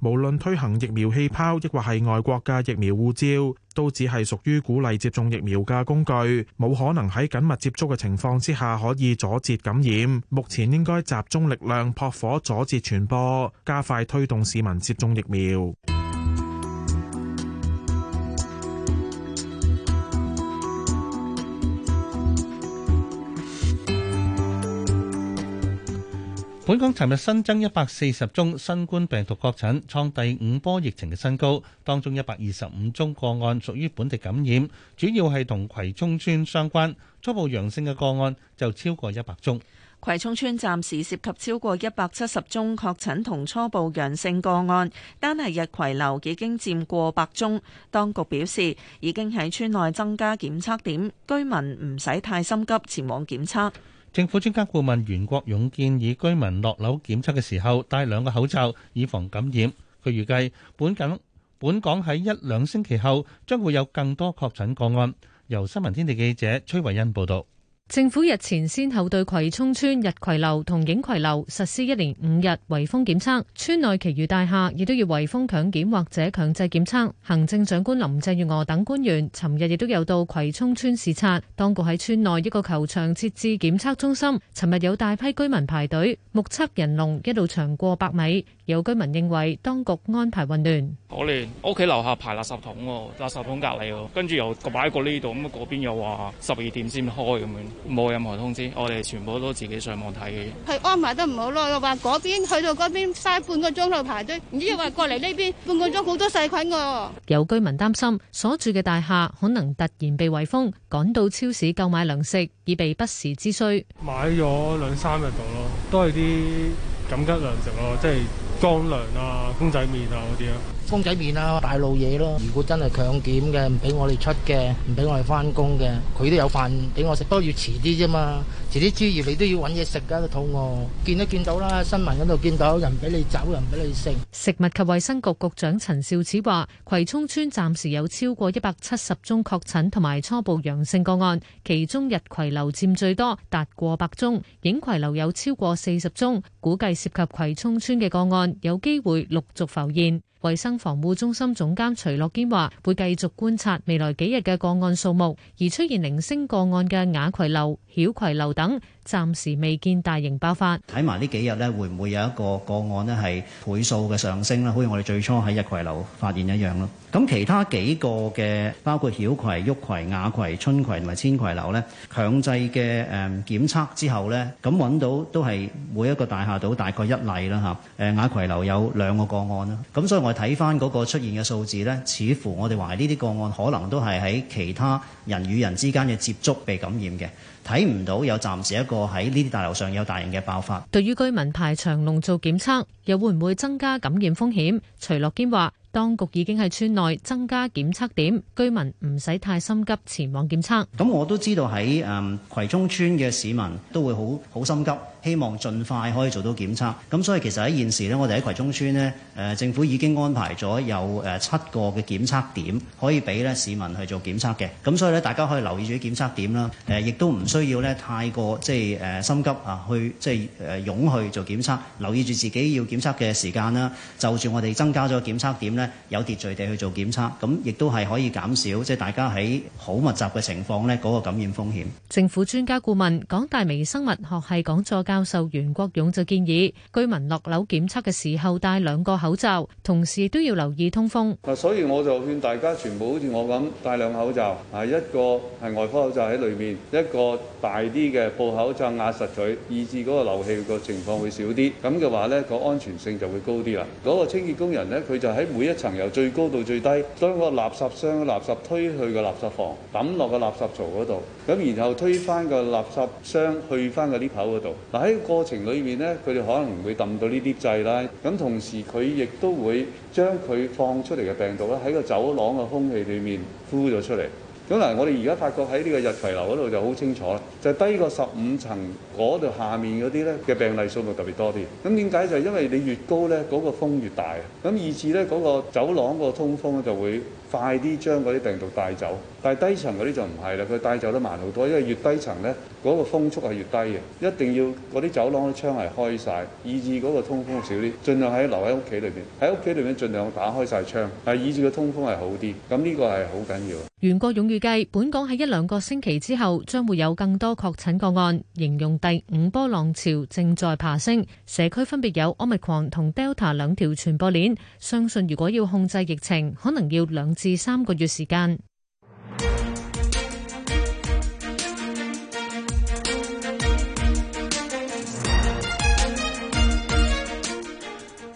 無論推行疫苗氣泡，抑或係外國嘅疫苗護照，都只係屬於鼓勵接種疫苗嘅工具，冇可能喺緊密接觸嘅情況之下可以阻截感染。目前應該集中力量撲火阻截傳播，加快推動市民接種疫苗。本港尋日新增一百四十宗新冠病毒確診，創第五波疫情嘅新高。當中一百二十五宗個案屬於本地感染，主要係同葵涌村相關。初步陽性嘅個案就超過一百宗。葵涌村暫時涉及超過一百七十宗確診同初步陽性個案，單係日，日葵樓已經佔過百宗。當局表示已經喺村內增加檢測點，居民唔使太心急前往檢測。政府專家顧問袁國勇建議居民落樓檢測嘅時候戴兩個口罩，以防感染。佢預計本緊本港喺一兩星期後將會有更多確診個案。由新聞天地記者崔慧恩報道。政府日前先後對葵涌村日葵樓同影葵樓實施一年五日圍封檢測，村內其餘大廈亦都要圍封強檢或者強制檢測。行政長官林鄭月娥等官員尋日亦都有到葵涌村視察，當局喺村內一個球場設置檢測中心，尋日有大批居民排隊，目測人龍一路長過百米，有居民認為當局安排混亂，好亂，屋企樓下排垃圾桶喎，垃圾桶隔籬喎，跟住又擺過呢度，咁啊嗰邊又話十二點先開咁樣。冇任何通知，我哋全部都自己上網睇嘅。係安排得唔好咯，話嗰邊去到嗰邊嘥半個鐘去排隊，唔知又話過嚟呢邊半個鐘好多細菌㗎、啊。 有居民擔心，所住嘅大廈可能突然被圍封，趕到超市購買糧食，以備不時之需。買咗兩三日度咯，都係啲緊急糧食咯，即係。乾糧啊，公仔麵啊，嗰啲啊，公仔麵啊，大路嘢咯。如果真係強檢嘅，唔畀我哋出嘅，唔畀我哋翻工嘅，佢都有飯畀我食，不過要遲啲啫嘛。遲啲豬兒你都要揾嘢食噶，個肚餓，見都見到啦，新聞嗰度見到人俾你走，人俾你食。食物及衛生局局長陳肇始話，葵涌村暫時有超過一百七十宗確診同埋初步陽性個案，其中日葵樓佔最多，達過百宗，影葵樓有超過四十宗，估計涉及葵涌村嘅個案，有機會陸續浮現。衛生防護中心總監徐樂堅話，會繼續觀察未來幾日嘅個案數目，而出現零星個案嘅雅葵樓、曉葵樓等。暫時未見大型爆發。睇埋呢幾日咧，會唔會有一個個案咧係倍數嘅上升咧？好似我哋最初喺日葵樓發現一樣咯。咁其他幾個嘅，包括曉葵、旭葵、雅葵、春葵同埋千葵樓咧，強制嘅誒檢測之後呢，咁揾到都係每一個大廈都大概一例啦嚇。誒雅葵樓有兩個個案啦。咁所以我睇翻嗰個出現嘅數字呢，似乎我哋懷疑呢啲個案可能都係喺其他人與人之間嘅接觸被感染嘅，睇唔到有暫時一個。喺呢啲大樓上有大型嘅爆發，對於居民排長龍做檢測，又會唔會增加感染風險？徐樂堅話。當局已經喺村內增加檢測點，居民唔使太心急前往檢測。咁我都知道喺誒葵涌村嘅市民都會好好心急，希望盡快可以做到檢測。咁所以其實喺現時呢，我哋喺葵涌村呢，誒政府已經安排咗有誒七個嘅檢測點可以俾咧市民去做檢測嘅。咁所以咧，大家可以留意住啲檢測點啦。誒，亦都唔需要咧太過即係誒心急啊，去即係誒湧去做檢測。留意住自己要檢測嘅時間啦。就住我哋增加咗檢測點。有秩序地去做檢測，咁亦都係可以減少即係大家喺好密集嘅情況咧嗰個感染風險。政府專家顧問、港大微生物學系講座教授袁國勇就建議居民落樓檢測嘅時候戴兩個口罩，同時都要留意通風。嗱，所以我就勸大家全部好似我咁戴兩口罩，啊，一個係外科口罩喺裏面，一個大啲嘅布口罩壓實佢，以至嗰個漏氣個情況會少啲。咁嘅話咧，個安全性就會高啲啦。嗰個清潔工人咧，佢就喺每一層由最高到最低，將個垃圾箱垃圾推去個垃圾房，抌落個垃圾槽嗰度，咁然後推翻個垃圾箱去翻個 𨋢 口嗰度。嗱，喺個過程裏面呢，佢哋可能會抌到呢啲掣啦，咁同時佢亦都會將佢放出嚟嘅病毒咧喺個走廊嘅空氣裏面呼咗出嚟。咁嗱，我哋而家發覺喺呢個日葵樓嗰度就好清楚啦，就係低過十五層嗰度下面嗰啲咧嘅病例數目特別多啲。咁點解？就係、因為你越高咧，嗰、嗰個風越大，咁以至咧嗰個走廊個通風咧就會。快啲將嗰啲病毒帶走，但係低層嗰啲就唔係啦，佢帶走得慢好多，因為越低層呢，嗰個風速係越低嘅。一定要嗰啲走廊啲窗係開晒，以至嗰個通風少啲，儘量喺留喺屋企裏邊，喺屋企裏面儘量打開晒窗，但以至個通風係好啲。咁呢個係好緊要。袁國勇預計本港喺一兩個星期之後將會有更多確診個案，形容第五波浪潮正在爬升，社區分別有 Omicron 同 Delta 兩條傳播鏈，相信如果要控制疫情，可能要兩至三個月時間。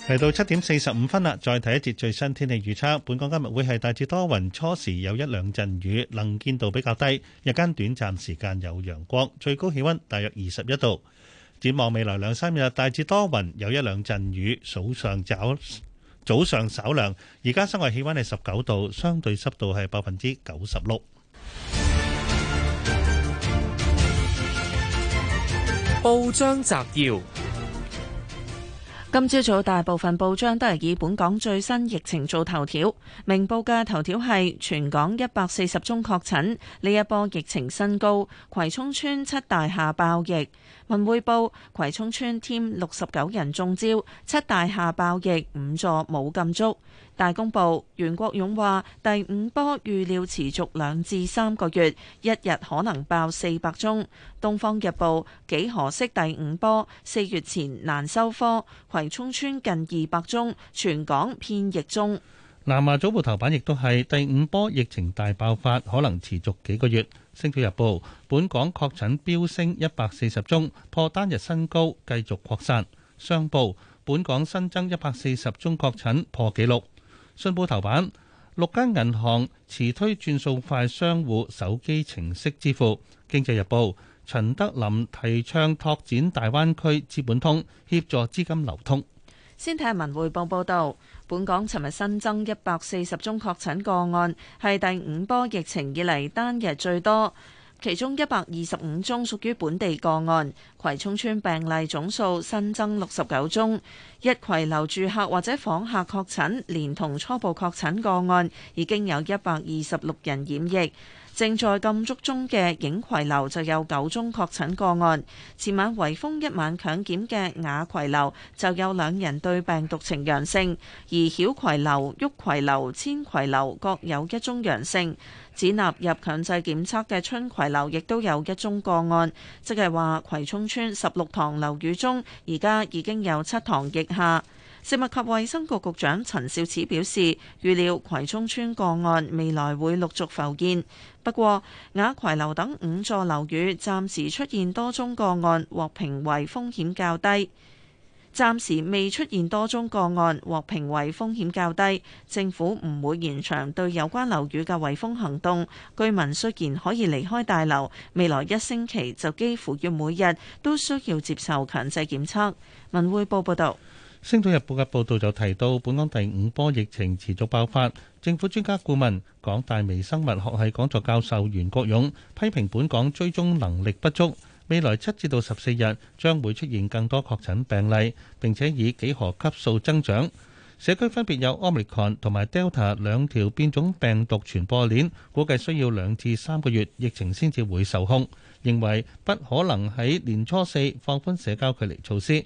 嚟到七點四十五分啦，再睇一節最新天氣預測。本港今日會係大致多雲，初時有一兩陣雨，能見度比較低，日間短暫時間有陽光，最高氣温大約二十一度。展望未來兩三日，大致多雲，有一兩陣雨，數上早。早上稍涼，而家室外氣溫係十九度，相對濕度係百分之九十六。報章摘要。今朝早大部分報章都係以本港最新疫情做頭條。明報嘅頭條係全港一百四十宗確診，呢一波疫情新高，葵涌村七大廈爆疫。文匯報：葵涌村添六十九人中招，七大廈爆疫，五座冇禁足。大公報袁國勇話：第五波預料持續兩至三個月，一日可能爆四百宗。《東方日報》幾何式第五波，四月前難收科。葵涌村近二百宗，全港遍疫中。南華早報頭版亦都係第五波疫情大爆發，可能持續幾個月。《星島日報》本港確診飆升一百四十宗，破單日新高，繼續擴散。商報本港新增一百四十宗確診，破紀錄。信報頭版，六間銀行齊推轉數快商戶手機程式支付。經濟日報，陳德霖提倡拓展大灣區資本通，協助資金流通。先睇下文匯報報道，本港尋日新增一百四十宗確診個案，係第五波疫情以嚟單日最多。其中一百二十五宗屬於本地個案，葵涌村病例總數新增六十九宗，一葵樓住客或者訪客確診，連同初步確診個案，已經有一百二十六人染疫。正在禁足中嘅映葵樓就有九宗確診個案。前晚圍封一晚強檢嘅雅葵樓就有兩人對病毒呈陽性，而曉葵樓、旭葵樓、千葵樓各有一宗陽性。只納入強制檢測嘅春葵樓亦都有一宗個案，即係話葵涌邨十六幢樓宇中，而家已經有七幢疫廈。食物及衛生局局長陳肇始表示，預料葵涌村個案未來會陸續浮現，不過雅葵樓等五座樓宇暫時出現多宗個案，獲評為風險較低。暫時未出現多宗個案，獲評為風險較低。政府唔會延長對有關樓宇嘅圍封行動。居民雖然可以離開大樓，未來一星期就幾乎要每日都需要接受強制檢測。文匯報報道。《星島日報》嘅報道就提到，本港第五波疫情持續爆發，政府專家顧問、港大微生物學系講座教授袁國勇批評本港追蹤能力不足，未來七至到十四日將會出現更多確診病例，並且以幾何級數增長。社區分別有 Omicron 同埋 Delta 兩條變種病毒傳播鏈，估計需要兩至三個月疫情先至會受控，認為不可能喺年初四放寬社交距離措施。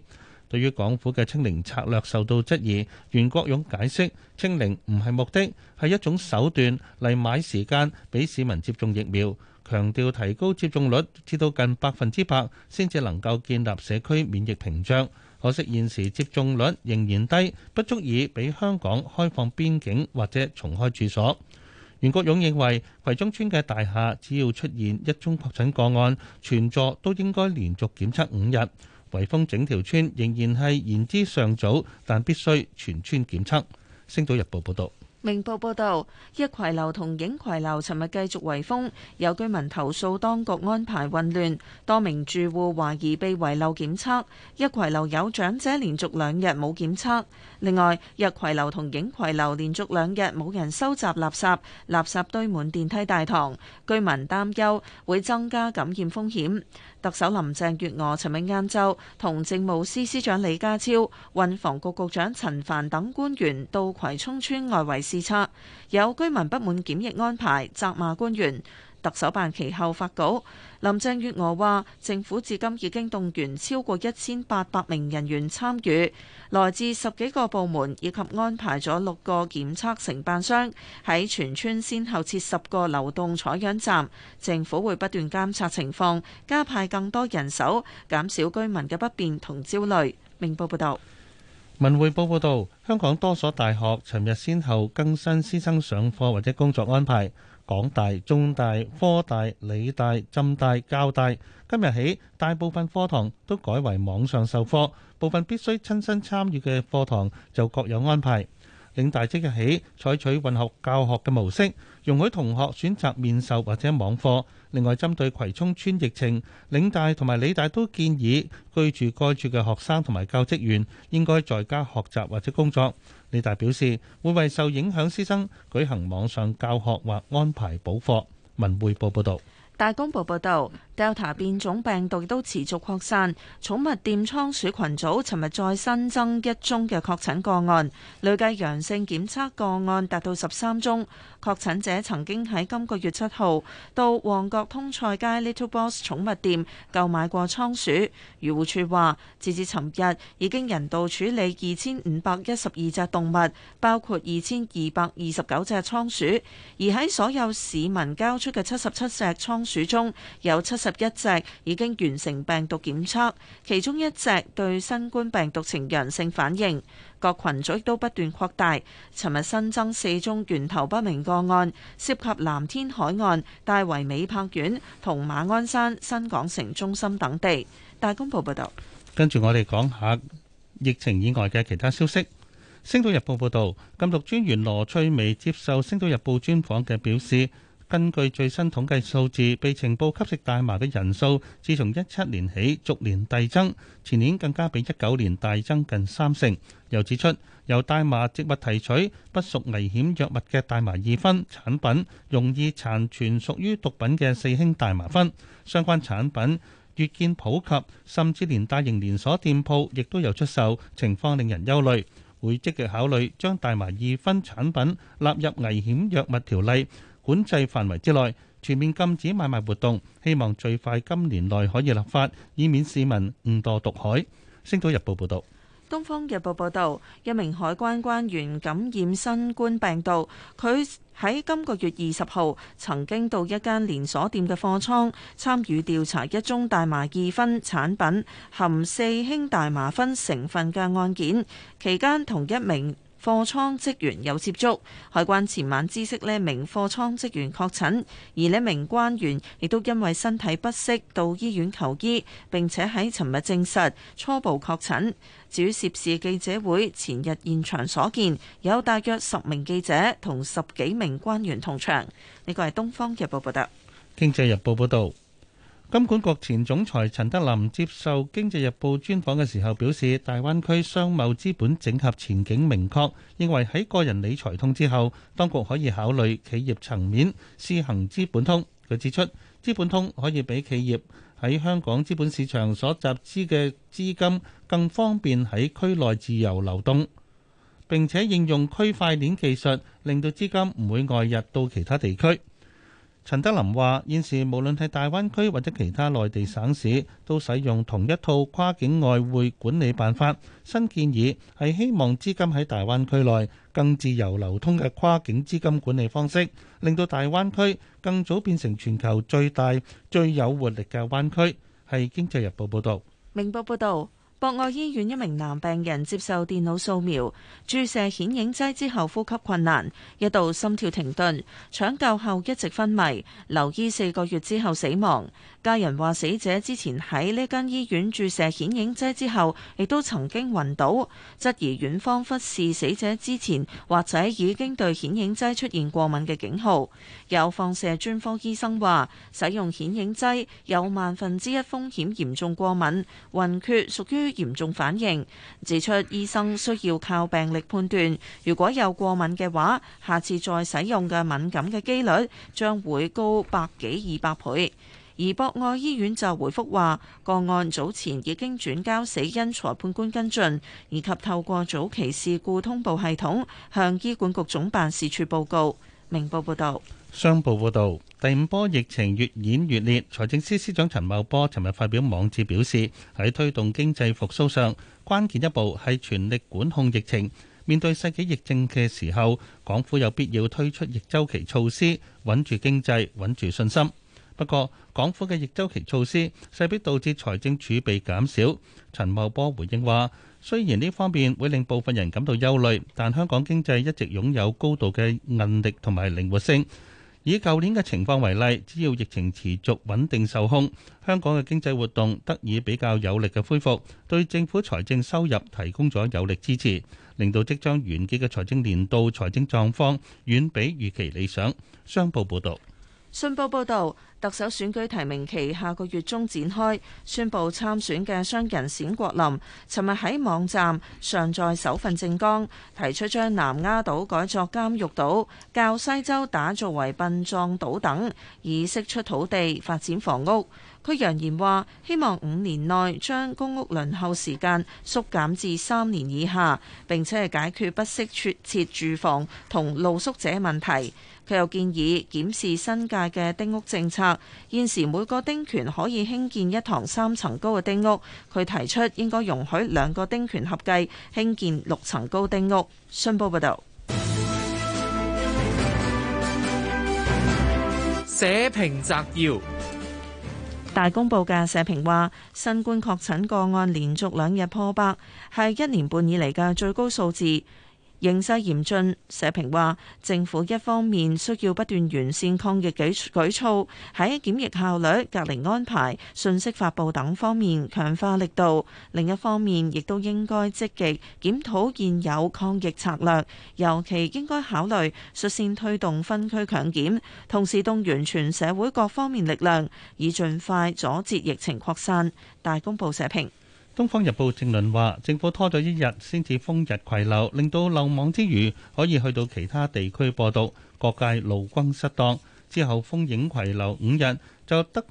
對於港府嘅清零策略受到質疑，袁國勇解釋清零唔係目的，係一種手段嚟買時間俾市民接種疫苗。強調提高接種率至，至到近百分之百先至能夠建立社區免疫屏障。可惜現時接種率仍然低，不足以俾香港開放邊境或者重開住所。袁國勇認為葵涌村嘅大廈只要出現一宗確診個案，全座都應該連續檢測五日。圍封整條村仍然係言之尚早，但必須全村檢測。星島日報報道：明報報道， 逸葵樓同映葵樓尋日繼續圍封，有居民投訴當局安排混亂，多名住戶懷疑被遺漏檢測。逸葵樓有長者連續兩日冇檢測。另外，逸葵樓同映葵樓連續兩日冇人收集垃圾，垃圾堆滿電梯大堂，居民擔憂會增加感染風險。特首林鄭月娥尋日晏晝同政務司司長李家超、運房局局長陳帆等官員到葵涌邨外圍視察，有居民不滿檢疫安排，責罵官員。特首辦其後發稿，林鄭月娥話：政府至今已經動員超過一千八百名人員參與，來自十幾個部門，以及安排咗六個檢測承辦商喺全村，先後設十個流動採樣站。政府會不斷監察情況，加派更多人手，減少居民嘅不便同焦慮。明報報道。文匯報報道，香港多所大學尋日先後更新師生上課或者工作安排。港大、中大、科大、理大、浸大、交大，今日起大部分課堂都改為網上授課，部分必須親身參與嘅課堂就各有安排。嶺大即日起採取混合教學嘅模式，容許同學選擇面授或者網課。另外，針對葵涌邨疫情，嶺大同埋理大都建議居住該處嘅學生同埋教職員應該在家學習或者工作。理大表示會為受影響師生舉行網上教學或安排補課。文匯報報道。大公報報導。Delta 變種病毒亦都持續擴散，寵物店倉鼠群組尋日再新增一宗嘅確診個案，累計陽性檢測個案達到十三宗。確診者曾經喺今個月七號到旺角通菜街 Little Boss 寵物店購買過倉鼠。漁護處話，截至尋日已經人道處理二千五百一十二隻動物，包括二千二百二十九隻倉鼠。而喺所有市民交出嘅七十七隻倉鼠中，有七十一隻已經完成病毒檢測，其中一隻對新冠病毒呈陽性反應。各群組亦都不斷擴大。尋日新增四宗源頭不明個案，涉及藍天海岸、大圍美柏苑同馬鞍山新港城中心等地。大公報報道。跟住我哋講下疫情以外嘅其他消息。星島日報報道，禁毒專員羅翠美接受星島日報專訪嘅表示。根據最新統計數字，被情報吸食大麻嘅人數，自從一七年起逐年遞增，前年更加比一九年大增近三成。又指出，由大麻植物提取不屬危險藥物嘅大麻二酚產品，容易殘存屬於毒品嘅四氫大麻酚。相關產品，越見普及，甚至連大型連鎖店鋪亦都有出售，情況令人憂慮。會積極考慮將大麻二酚產品納入危險藥物條例。管制範圍之內，全面禁止買賣活動，希望最快今年內可以立法，以免市民誤墮毒海。星島日報報道，東方日報報道，一名海關關員感染新冠病毒，佢喺今個月二十號曾經到一間連鎖店嘅貨倉參與調查一宗大麻二酚產品含四氫大麻酚成分嘅案件，期間同一名貨倉職員有接觸，海關前晚知悉呢名貨倉職員確診，而呢名官員亦都因為身體不適到醫院求醫，並且喺尋日證實初步確診。至於涉事記者會前日現場所見，有大約十名記者同十幾名官員同場。呢個係《東方日報》報道，《經濟日報》報道。金管局前總裁陳德霖接受《經濟日報》專訪嘅時候表示，大灣區商貿資本整合前景明確，認為喺個人理財通之後，當局可以考慮企業層面試行資本通。佢指出，資本通可以俾企業喺香港資本市場所集資嘅資金更方便喺區內自由流動，並且應用區塊鏈技術，令到資金唔會外溢到其他地區。陳德霖話：現時無論係大灣區或者其他內地省市，都使用同一套跨境外匯管理辦法。新建議係希望資金喺大灣區內更自由流通嘅跨境資金管理方式，令到大灣區更早變成全球最大、最有活力嘅灣區。係《經濟日報》報道，《明報》報道。博愛醫院一名男病人接受電腦掃描，注射顯影劑之後呼吸困難，一度心跳停頓，搶救後一直昏迷，留醫四個月之後死亡。家人話死者之前喺呢間醫院注射顯影劑之後，亦都曾經暈倒，質疑院方忽視死者之前或者已經對顯影劑出現過敏嘅警號。有放射專科醫生話，使用顯影劑有萬分之一風險嚴重過敏、暈厥，屬於。嚴重反應，指出醫生需要靠病歷判斷，如果有過敏嘅話，下次再使用嘅敏感嘅機率將會高百幾二百倍。而博愛醫院就回覆話，個案早前已經轉交死因裁判官跟進，以及透過早期事故通報系統向醫管局總辦事處報告。明報報道，商報報道。第五波疫情越演越烈，財政司司長陳茂波尋日發表網誌表示，喺推動經濟復甦上，關鍵一步係全力管控疫情。面對世紀疫症嘅時候，港府有必要推出逆週期措施，穩住經濟，穩住信心。不過，港府嘅逆週期措施勢必導致財政儲備減少。陳茂波回應話：雖然呢方面會令部分人感到憂慮，但香港經濟一直擁有高度嘅韌力同埋靈活性。以舊年嘅情況為例，只要疫情持續穩定受控，香港嘅經濟活動得以比較有力嘅恢復，對政府財政收入提供咗有力支持，令到即將完結嘅財政年度財政狀況遠比預期理想。商報報道。信報報導，特首選舉提名期下個月中展開。宣布參選嘅商人冼國林，尋日喺網站上載首份政綱，提出將南丫島改作監獄島、交椅洲打造為殯葬島等，以釋出土地發展房屋。佢揚言話，希望五年內將公屋輪候時間縮減至三年以下，並且係解決不適切設住房同露宿者問題。佢又建議檢視新界嘅丁屋政策，現時每個丁權可以興建一堂三層高嘅丁屋，佢提出應該容許兩個丁權合計興建六層高丁屋。信報報道。社評摘要：大公報嘅社評話，新冠確診個案連續兩日破百，係一年半以嚟嘅最高數字。形勢嚴峻，社評話政府一方面需要不斷完善抗疫舉舉措，喺檢疫效率、隔離安排、信息發布等方面強化力度；另一方面，亦都應該積極檢討現有抗疫策略，尤其應該考慮率先推動分區強檢，同時動員全社會各方面力量，以盡快阻截疫情擴散。大公報社評。《東方日報》正論話：政府拖咗一日先至封逸葵樓，令到漏網之魚可以去到其他地區播毒，各界勞軍失當。之後封映葵樓五日，就得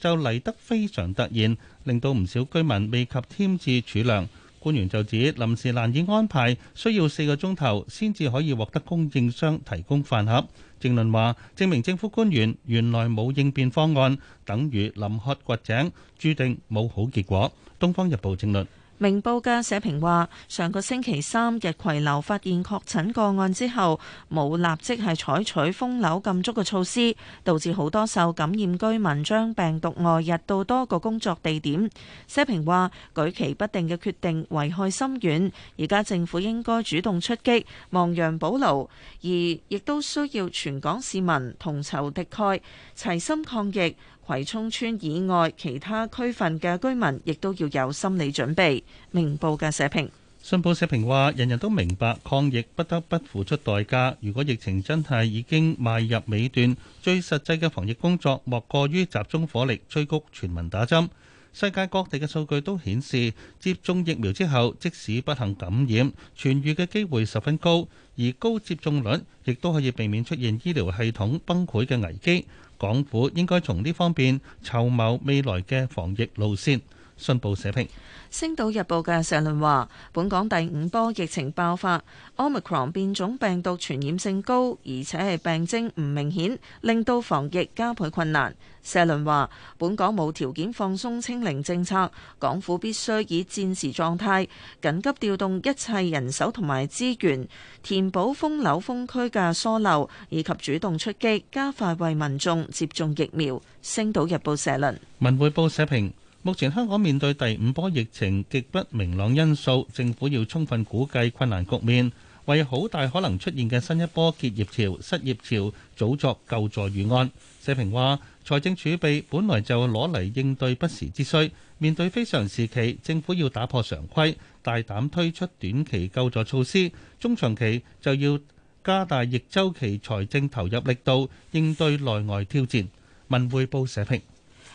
就嚟得非常突然，令到唔少居民未及添置儲糧。官員就指臨時難以安排，需要四個鐘頭先至可以獲得供應商提供飯盒。政論話，證明政府官員原來冇應變方案，等於臨渴掘井，註定冇好結果。《東方日報》正論。明報嘅社評話：上個星期三逸葵樓發現確診個案之後，冇立即係採取封樓禁足嘅措施，導致好多受感染居民將病毒外溢到多個工作地點。社評話：舉棋不定嘅決定危害深遠，而家政府應該主動出擊，亡羊補牢，而亦都需要全港市民同仇敵愾，齊心抗疫。葵涌村以外其他區份嘅居民亦都要有心理準備。明報嘅社評，信報社評話：人人都明白抗疫不得不付出代價。如果疫情真係已經邁入尾段，最實際嘅防疫工作莫過於集中火力追谷全民打針。世界各地嘅數據都顯示，接種疫苗之後，即使不幸感染，痊愈嘅機會十分高，而高接種率亦都可以避免出現醫療系統崩潰嘅危機。港府應該從呢方面籌謀未來嘅防疫路線。信報社評，《星島日報》嘅社論話：本港第五波疫情爆發，Omicron 變種病毒傳染性高，而且係病徵唔明顯，令到防疫加倍困難。社論話：本港冇條件放鬆清零政策，港府必須以戰時狀態，緊急調動一切人手同埋資源，填補封樓封區嘅疏漏，以及主動出擊，加快為民眾接種疫苗。《星島日報》社論，《文匯報》社評。目前香港面對第五波疫情極不明朗因素，政府要充分估計困難局面，為好大可能出現嘅新一波結業潮、失業潮早作救助預案。社評話：財政儲備本來就攞嚟應對不時之需，面對非常時期，政府要打破常規，大膽推出短期救助措施；中長期就要加大逆周期財政投入力度，應對內外挑戰。文匯報社評。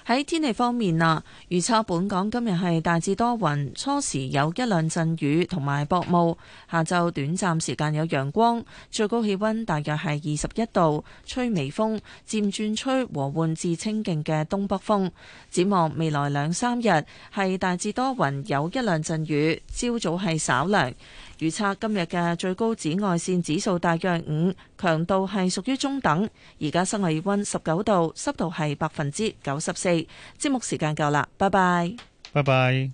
喺天氣方面啦，預測本港今日係大致多雲，初時有一兩陣雨同埋薄霧，下晝短暫時間有陽光，最高氣温大約係二十一度，吹微風，漸轉吹和緩至清勁嘅東北風。展望未來兩三日係大致多雲，有一兩陣雨，朝早係稍涼。預測今日嘅最高紫外線指數大約五，強度係屬於中等。而家室外温十九度，濕度係百分之九十四。節目時間夠啦，拜拜。拜拜。